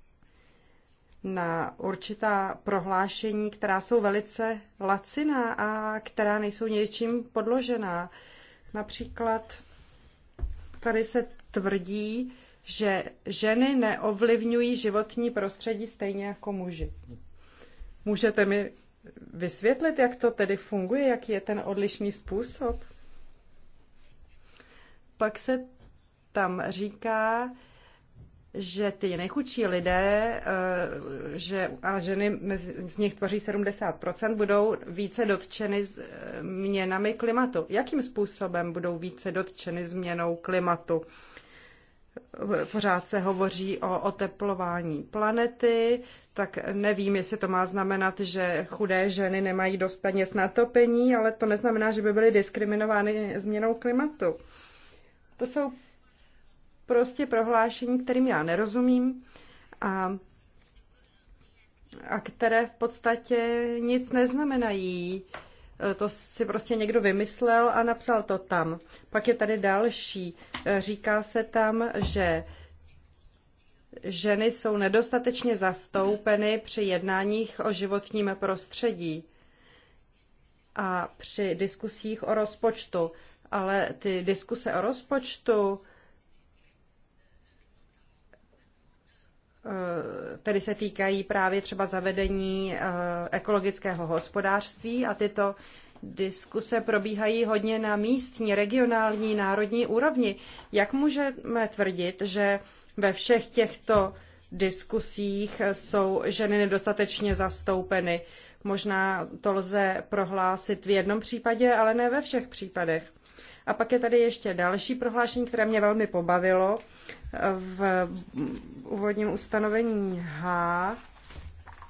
[SPEAKER 3] na určitá prohlášení, která jsou velice laciná a která nejsou něčím podložená. Například tady se tvrdí, že ženy neovlivňují životní prostředí stejně jako muži. Můžete mi vysvětlit, jak to tedy funguje, jaký je ten odlišný způsob? Pak se tam říká, že ty nejchudší lidé eh, že, a ženy, z nich tvoří 70%, budou více dotčeny změnami eh, klimatu. Jakým způsobem budou více dotčeny změnou klimatu? pořád se hovoří o oteplování planety, tak nevím, jestli to má znamenat, že chudé ženy nemají dost peněz na topení, ale to neznamená, že by byly diskriminovány změnou klimatu. To jsou prostě prohlášení, kterým já nerozumím a, a které v podstatě nic neznamenají. Eh, to si prostě někdo vymyslel a napsal to tam. Pak je tady další. Eh, říká se tam, že ženy jsou nedostatečně zastoupeny při jednáních o životním prostředí a při diskusích o rozpočtu. Ale ty diskuse o rozpočtu Eh, tedy se týkají právě třeba zavedení eh, ekologického hospodářství a tyto diskuse probíhají hodně na místní, regionální, národní úrovni. Jak můžeme tvrdit, že ve všech těchto diskusích jsou ženy nedostatečně zastoupeny? Možná to lze prohlásit v jednom případě, ale ne ve všech případech. A pak je tady ještě další prohlášení, které mě velmi pobavilo. V úvodním ustanovení H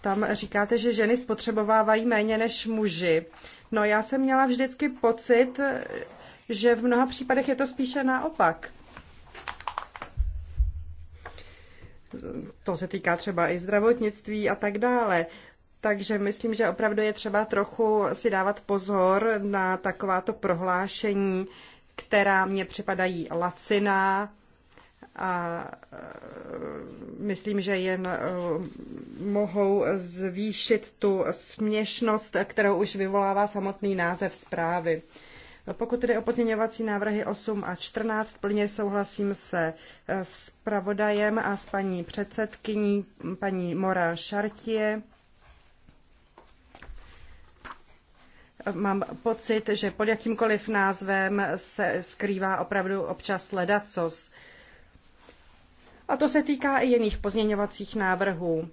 [SPEAKER 3] tam říkáte, že ženy spotřebovávají méně než muži. No já jsem měla vždycky pocit, že v mnoha případech je to spíše naopak. To se týká třeba i zdravotnictví a tak dále. Takže myslím, že opravdu je třeba trochu si dávat pozor na takováto prohlášení, která mně připadají laciná a e, myslím, že jen e, mohou zvýšit tu směšnost, kterou už vyvolává samotný název zprávy. Pokud tedy o pozměňovací návrhy 8 a 14, plně souhlasím se e, s pravodajem a s paní předsedkyní, paní Mora Šartie. Mám pocit, že pod jakýmkoliv názvem se skrývá opravdu občas ledacos. A to se týká i jiných pozměňovacích návrhů.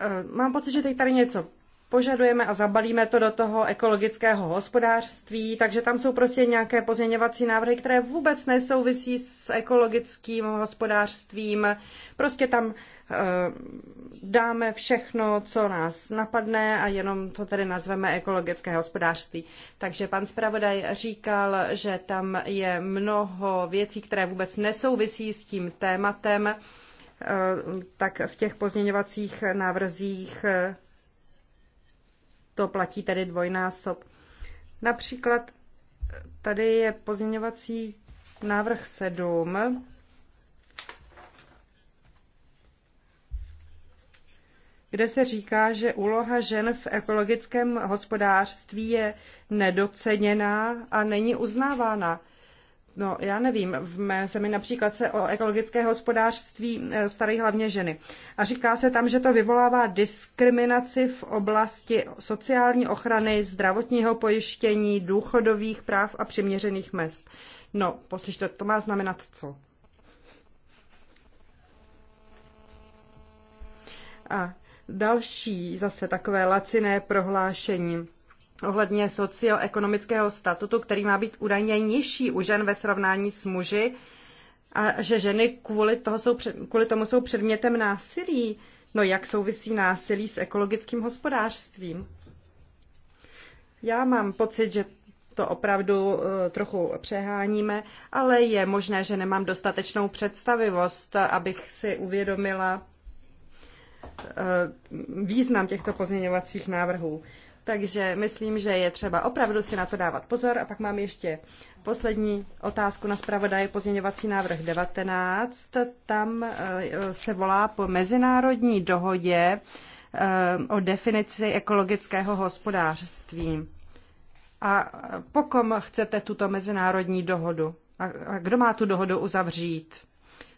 [SPEAKER 3] E, mám pocit, že teď tady něco požadujeme a zabalíme to do toho ekologického hospodářství, takže tam jsou prostě nějaké pozměňovací návrhy, které vůbec nesouvisí s ekologickým hospodářstvím. Prostě tam Eh, dáme všechno, co nás napadne a jenom to tedy nazveme ekologické hospodářství. Takže pan zpravodaj říkal, že tam je mnoho věcí, které vůbec nesouvisí s tím tématem, eh, tak v těch pozměňovacích návrzích eh, to platí tedy dvojnásob. Například tady je pozměňovací návrh 7, kde se říká, že úloha žen v ekologickém hospodářství je nedoceněná a není uznávána. No, já nevím, v mé zemi například se o ekologické hospodářství eh, starají hlavně ženy. A říká se tam, že to vyvolává diskriminaci v oblasti sociální ochrany, zdravotního pojištění, důchodových práv a přiměřených mest. No, poslyšte, to má znamenat co? A Další zase takové laciné prohlášení ohledně socioekonomického statutu, který má být údajně nižší u žen ve srovnání s muži a že ženy kvůli, toho jsou, kvůli tomu jsou předmětem násilí. No jak souvisí násilí s ekologickým hospodářstvím? Já mám pocit, že to opravdu eh, trochu přeháníme, ale je možné, že nemám dostatečnou představivost, abych si uvědomila, Eh, význam těchto pozměňovacích návrhů. Takže myslím, že je třeba opravdu si na to dávat pozor. A pak mám ještě poslední otázku na zpravodaje pozměňovací návrh 19. Tam eh, se volá po mezinárodní dohodě eh, o definici ekologického hospodářství. A po kom chcete tuto mezinárodní dohodu? A kdo má tu dohodu uzavřít?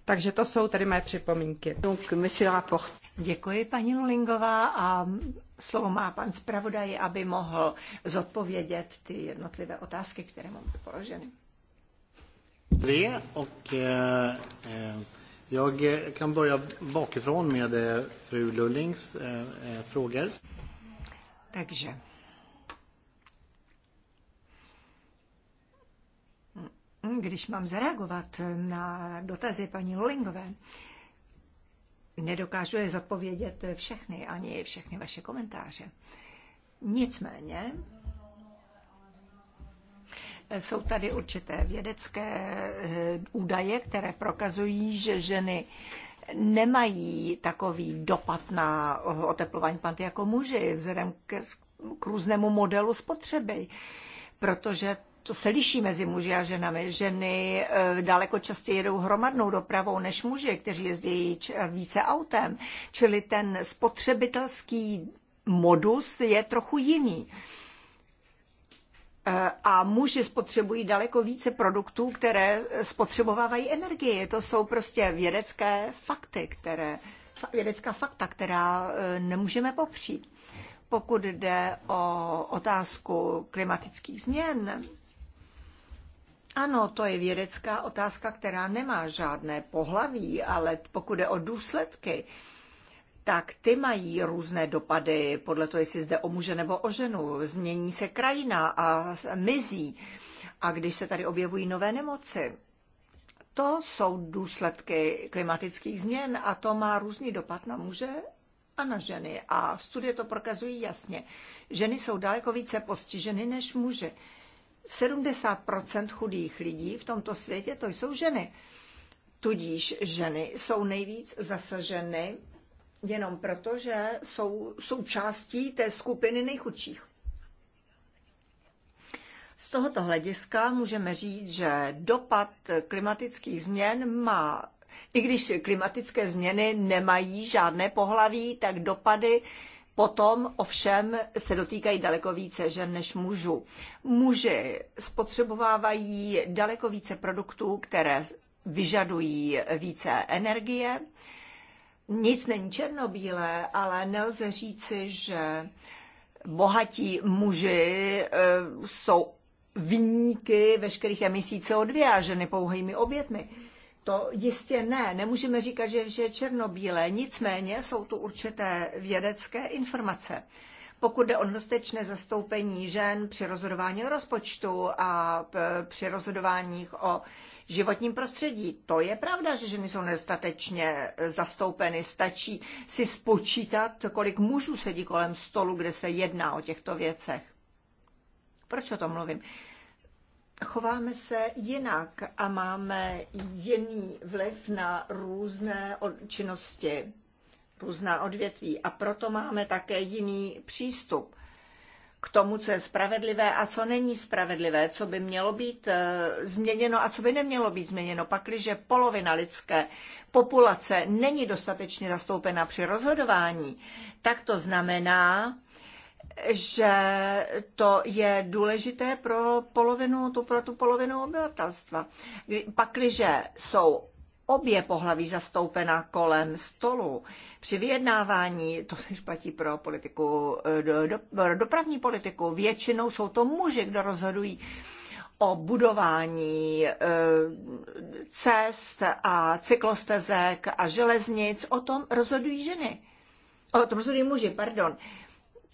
[SPEAKER 3] Takže to jsou tady mé připomínky. Donc, monsieur rapport.
[SPEAKER 2] Děkuji, paní Lulingová, a slovo má pan zpravodaj, aby mohl zodpovědět ty jednotlivé otázky, které mám položeny.
[SPEAKER 1] Och, eh, eh, jag kan börja bakifrån med eh, fru Lullings eh, eh, frågor.
[SPEAKER 2] Takže. Když mám zareagovat na dotazy paní Lullingové, eh, nedokážu je zodpovědět všechny, ani všechny vaše komentáře. Nicméně jsou tady určité vědecké eh, údaje, které prokazují, že ženy nemají takový dopad na oteplování panty jako muži vzhledem k, k různému modelu spotřeby, protože to se liší mezi muži a ženami. Ženy eh, daleko častěji jedou hromadnou dopravou než muži, kteří jezdí eh, více autem. Čili ten spotřebitelský modus je trochu jiný. Eh, a muži spotřebují daleko více produktů, které spotřebovávají energii. To jsou prostě vědecké fakty, které, vědecká fakta, která nemůžeme popřít pokud jde o otázku klimatických změn, ano, to je vědecká otázka, která nemá žádné pohlaví, ale pokud je o důsledky, tak ty mají různé dopady, podle toho, jestli zde o muže nebo o ženu. Změní se krajina a mizí. A když se tady objevují nové nemoci, to jsou důsledky klimatických změn a to má různý dopad na muže a na ženy. A studie to prokazují jasně. Ženy jsou daleko více postiženy než muže. 70 chudých lidí v tomto světě to jsou ženy. Tudíž ženy jsou nejvíc zasaženy jenom proto, že jsou součástí té skupiny nejchudších. Z tohoto hlediska můžeme říct, že dopad klimatických změn má, i když klimatické změny nemají žádné pohlaví, tak dopady Potom ovšem se dotýkají daleko více žen než mužů. Muži spotřebovávají daleko více produktů, které vyžadují více energie. Nic není černobílé, ale nelze říci, že bohatí muži e, jsou vyníky veškerých emisí CO2 a ženy pouhými obětmi. To jistě ne, nemůžeme říkat, že je černobílé, nicméně jsou tu určité vědecké informace. Pokud jde o dostatečné zastoupení žen při rozhodování o rozpočtu a e, při rozhodováních o životním prostředí. To je pravda, že ženy jsou nedostatečně e, zastoupeny. Stačí si spočítat, kolik mužů sedí kolem stolu, kde se jedná o těchto věcech. Proč o tom mluvím? chováme se jinak a máme jiný vliv na různé činnosti, různá odvětví a proto máme také jiný přístup k tomu, co je spravedlivé a co není spravedlivé, co by mělo být eh, změněno a co by nemělo být změněno. Pakliže polovina lidské populace není dostatečně zastoupena při rozhodování, tak to znamená, že to je důležité pro, polovinu, tu, pro tu polovinu obyvatelstva. Pakliže jsou obě pohlaví zastoupena kolem stolu. Při vyjednávání, to se platí pro politiku, do, do, dopravní politiku, většinou jsou to muži, kdo rozhodují o budování e, cest a cyklostezek a železnic, o tom rozhodují ženy. O tom rozhodují muži, pardon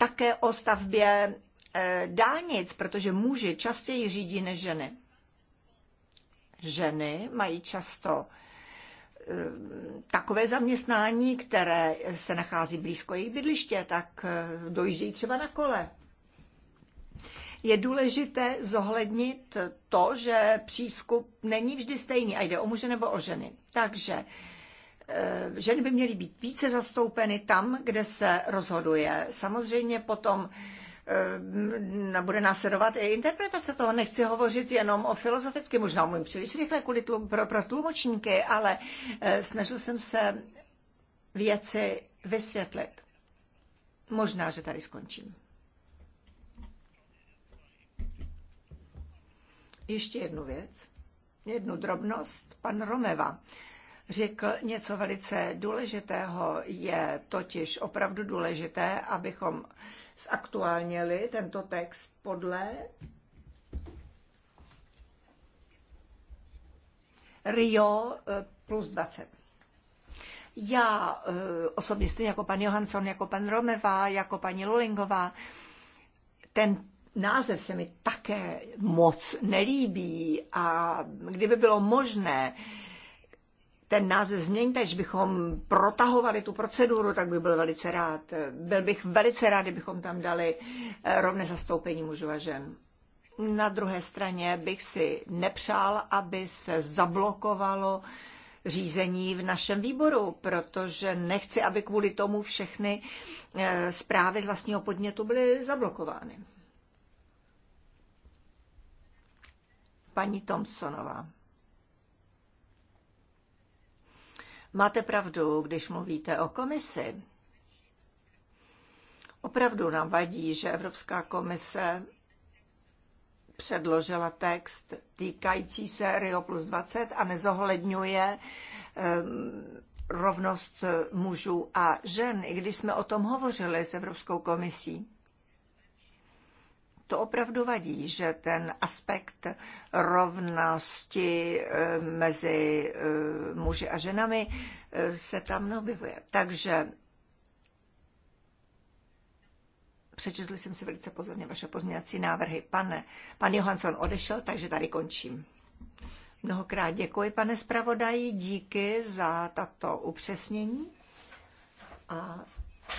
[SPEAKER 2] také o stavbě eh, dálnic, protože muži častěji řídí než ženy. Ženy mají často eh, takové zaměstnání, které se nachází blízko jejich bydliště, tak eh, dojíždějí třeba na kole. Je důležité zohlednit to, že přístup není vždy stejný, a jde o muže nebo o ženy. Takže Eh, ženy by měly být více zastoupeny tam, kde se rozhoduje. Samozřejmě potom eh, bude následovat i interpretace toho. Nechci hovořit jenom o filozoficky, možná mluvím příliš rychle kvůli tlum, pro, pro tlumočníky, ale eh, snažil jsem se věci vysvětlit. Možná, že tady skončím. Ještě jednu věc, jednu drobnost. Pan Romeva řekl něco velice důležitého. Je totiž opravdu důležité, abychom zaktuálnili tento text podle Rio eh, plus 20. Já eh, osobně stejně jako pan Johansson, jako pan Romeva, jako paní Lulingová, ten název se mi také moc nelíbí a kdyby bylo možné ten název změnit, až bychom protahovali tu proceduru, tak bych byl velice rád. Byl bych velice rád, kdybychom tam dali eh, rovné zastoupení mužů a žen. Na druhé straně bych si nepřál, aby se zablokovalo řízení v našem výboru, protože nechci, aby kvůli tomu všechny eh, zprávy z vlastního podnětu byly zablokovány. Paní Thompsonová. Máte pravdu, když mluvíte o komisi. Opravdu nám vadí, že Evropská komise předložila text týkající se Rio plus 20 a nezohledňuje um, rovnost mužů a žen, i když jsme o tom hovořili s Evropskou komisí to opravdu vadí, že ten aspekt rovnosti eh, mezi eh, muži a ženami eh, se tam neobjevuje. Takže přečetl jsem si velice pozorně vaše pozměňovací návrhy. Pane, pan Johansson odešel, takže tady končím. Mnohokrát děkuji, pane zpravodaji, díky za tato upřesnění. A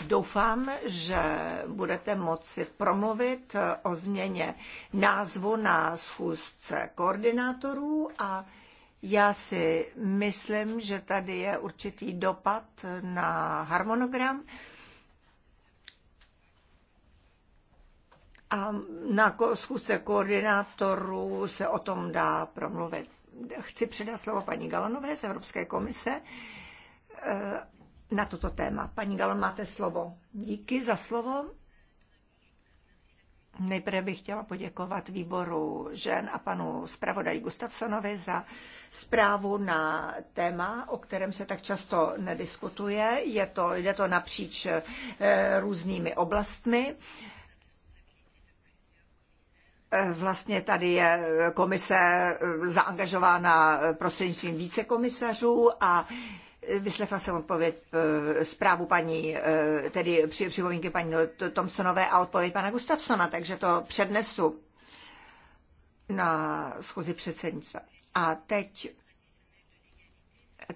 [SPEAKER 2] Doufám, že budete moci promluvit o změně názvu na schůzce koordinátorů a já si myslím, že tady je určitý dopad na harmonogram. A na schůzce koordinátorů se o tom dá promluvit. Chci předat slovo paní Galanové z Evropské komise na toto téma. Paní Galo máte slovo. Díky za slovo. Nejprve bych chtěla poděkovat výboru žen a panu zpravodaji Gustafsonovi za zprávu na téma, o kterém se tak často nediskutuje. Je to, jde to napříč e, různými oblastmi. Eh, vlastně tady je komise eh, zaangažována prostřednictvím více komisařů a Vyslechla jsem odpověď eh, zprávu paní, eh, tedy při připomínky paní Tomsonové a odpověď pana Gustavsona, takže to přednesu na schůzi předsednictva. A teď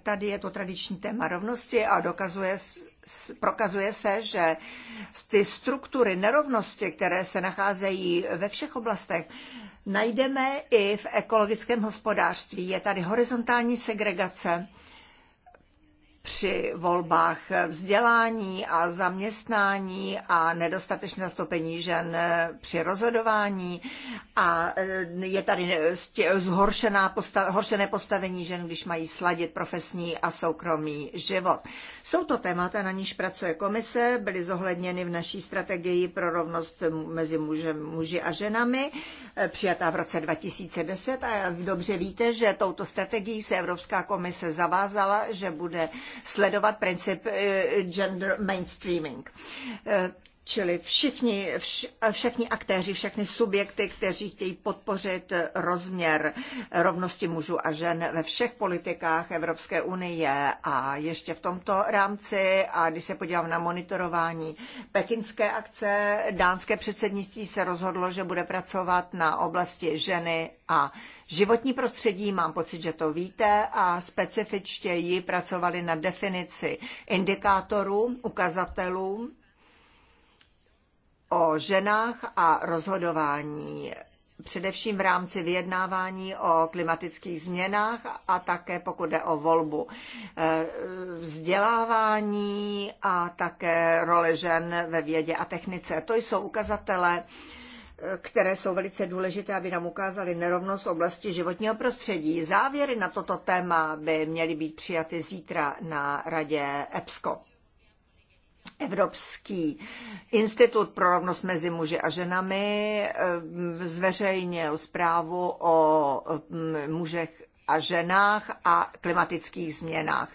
[SPEAKER 2] tady je to tradiční téma rovnosti a dokazuje, prokazuje se, že ty struktury nerovnosti, které se nacházejí ve všech oblastech, najdeme i v ekologickém hospodářství. Je tady horizontální segregace při volbách vzdělání a zaměstnání a nedostatečné zastoupení žen při rozhodování a e, je tady e, zhoršená postav, horšené postavení žen, když mají sladit profesní a soukromý život. Jsou to témata, na níž pracuje komise, byly zohledněny v naší strategii pro rovnost mezi mužem, muži a ženami, e, přijatá v roce 2010 a dobře víte, že touto strategií se Evropská komise zavázala, že bude sledovat princip eh, gender mainstreaming. Eh, Čili všichni, vš, všichni aktéři, všechny subjekty, kteří chtějí podpořit rozměr rovnosti mužů a žen ve všech politikách Evropské unie a ještě v tomto rámci. A když se podívám na monitorování pekinské akce, dánské předsednictví se rozhodlo, že bude pracovat na oblasti ženy a životní prostředí. Mám pocit, že to víte a specifičtěji pracovali na definici indikátorů, ukazatelů o ženách a rozhodování, především v rámci vyjednávání o klimatických změnách a také pokud jde o volbu eh, vzdělávání a také role žen ve vědě a technice. To jsou ukazatele, eh, které jsou velice důležité, aby nám ukázaly nerovnost v oblasti životního prostředí. Závěry na toto téma by měly být přijaty zítra na radě EPSCO. Evropský institut pro rovnost mezi muži a ženami eh, zveřejnil zprávu o mm, mužech a ženách a klimatických změnách.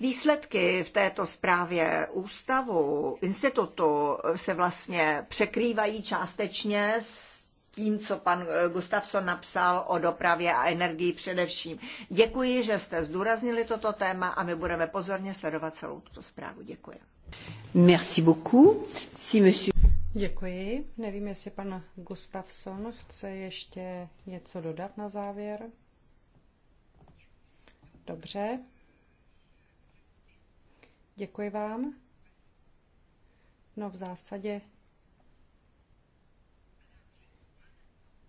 [SPEAKER 2] Výsledky v této zprávě ústavu, institutu se vlastně překrývají částečně s tím, co pan eh, Gustafsson napsal o dopravě a energii především. Děkuji, že jste zdůraznili toto téma a my budeme pozorně sledovat celou tuto zprávu. Děkuji. Merci beaucoup. Si monsieur...
[SPEAKER 3] Děkuji. Nevím, jestli pan Gustafsson chce ještě něco dodat na závěr. Dobře. Děkuji vám. No v zásadě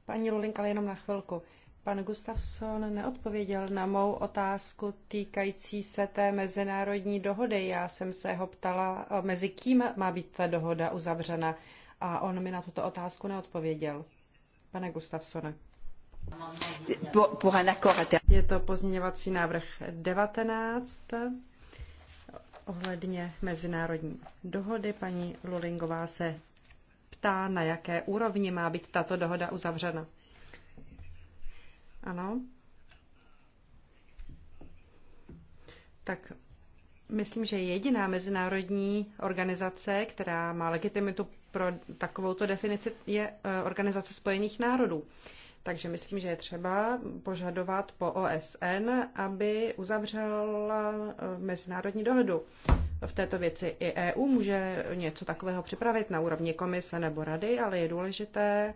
[SPEAKER 3] paní Lulinka, ale jenom na chvilku. Pan Gustafsson neodpověděl na mou otázku týkající se té mezinárodní dohody. Já jsem se ho ptala, mezi kým má být ta dohoda uzavřena a on mi na tuto otázku neodpověděl. Pane Gustafsone. Je to pozměňovací návrh 19 ohledně mezinárodní dohody. Paní Lulingová se ptá, na jaké úrovni má být tato dohoda uzavřena. Ano. Tak myslím, že jediná mezinárodní organizace, která má legitimitu pro takovouto definici, je eh, Organizace spojených národů. Takže myslím, že je třeba požadovat po OSN, aby uzavřela eh, mezinárodní dohodu v této věci. I EU může něco takového připravit na úrovni komise nebo rady, ale je důležité,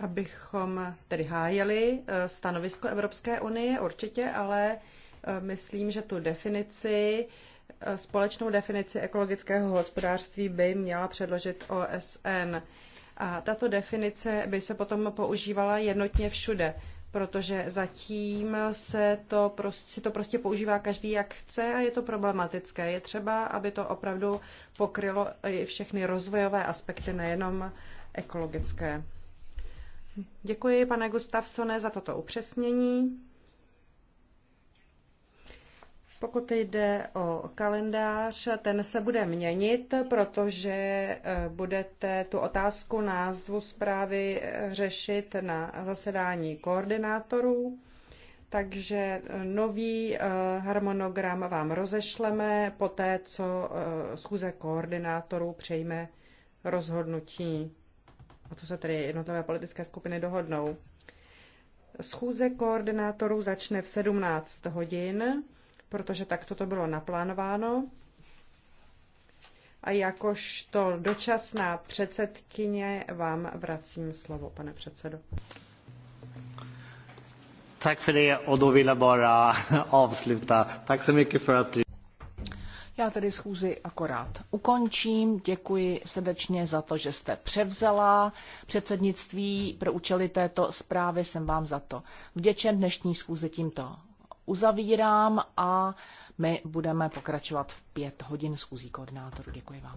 [SPEAKER 3] abychom tedy hájili eh, stanovisko Evropské unie, určitě, ale eh, myslím, že tu definici, eh, společnou definici ekologického hospodářství by měla předložit OSN. A tato definice by se potom používala jednotně všude, protože zatím se to prostě, se to prostě používá každý jak chce a je to problematické. Je třeba, aby to opravdu pokrylo i všechny rozvojové aspekty, nejenom ekologické. Děkuji, pane Gustavsone, za toto upřesnění. Pokud jde o kalendář, ten se bude měnit, protože eh, budete tu otázku názvu zprávy eh, řešit na zasedání koordinátorů. Takže eh, nový harmonogram vám rozešleme poté, co schůze koordinátorů přejme rozhodnutí a to se tedy jednotlivé politické skupiny dohodnou. Schůze koordinátorů začne v 17 hodin, protože tak toto bylo naplánováno. A jakožto dočasná předsedkyně vám vracím slovo, pane předsedo.
[SPEAKER 1] Tack för det och då vill jag bara [LAUGHS] avsluta. Tack så mycket för att du já tedy schůzi akorát ukončím. Děkuji srdečně za to, že jste převzala předsednictví pro účely této zprávy. Jsem vám za to vděčen. Dnešní schůzi tímto uzavírám a my budeme pokračovat v pět hodin schůzí koordinátoru. Děkuji vám.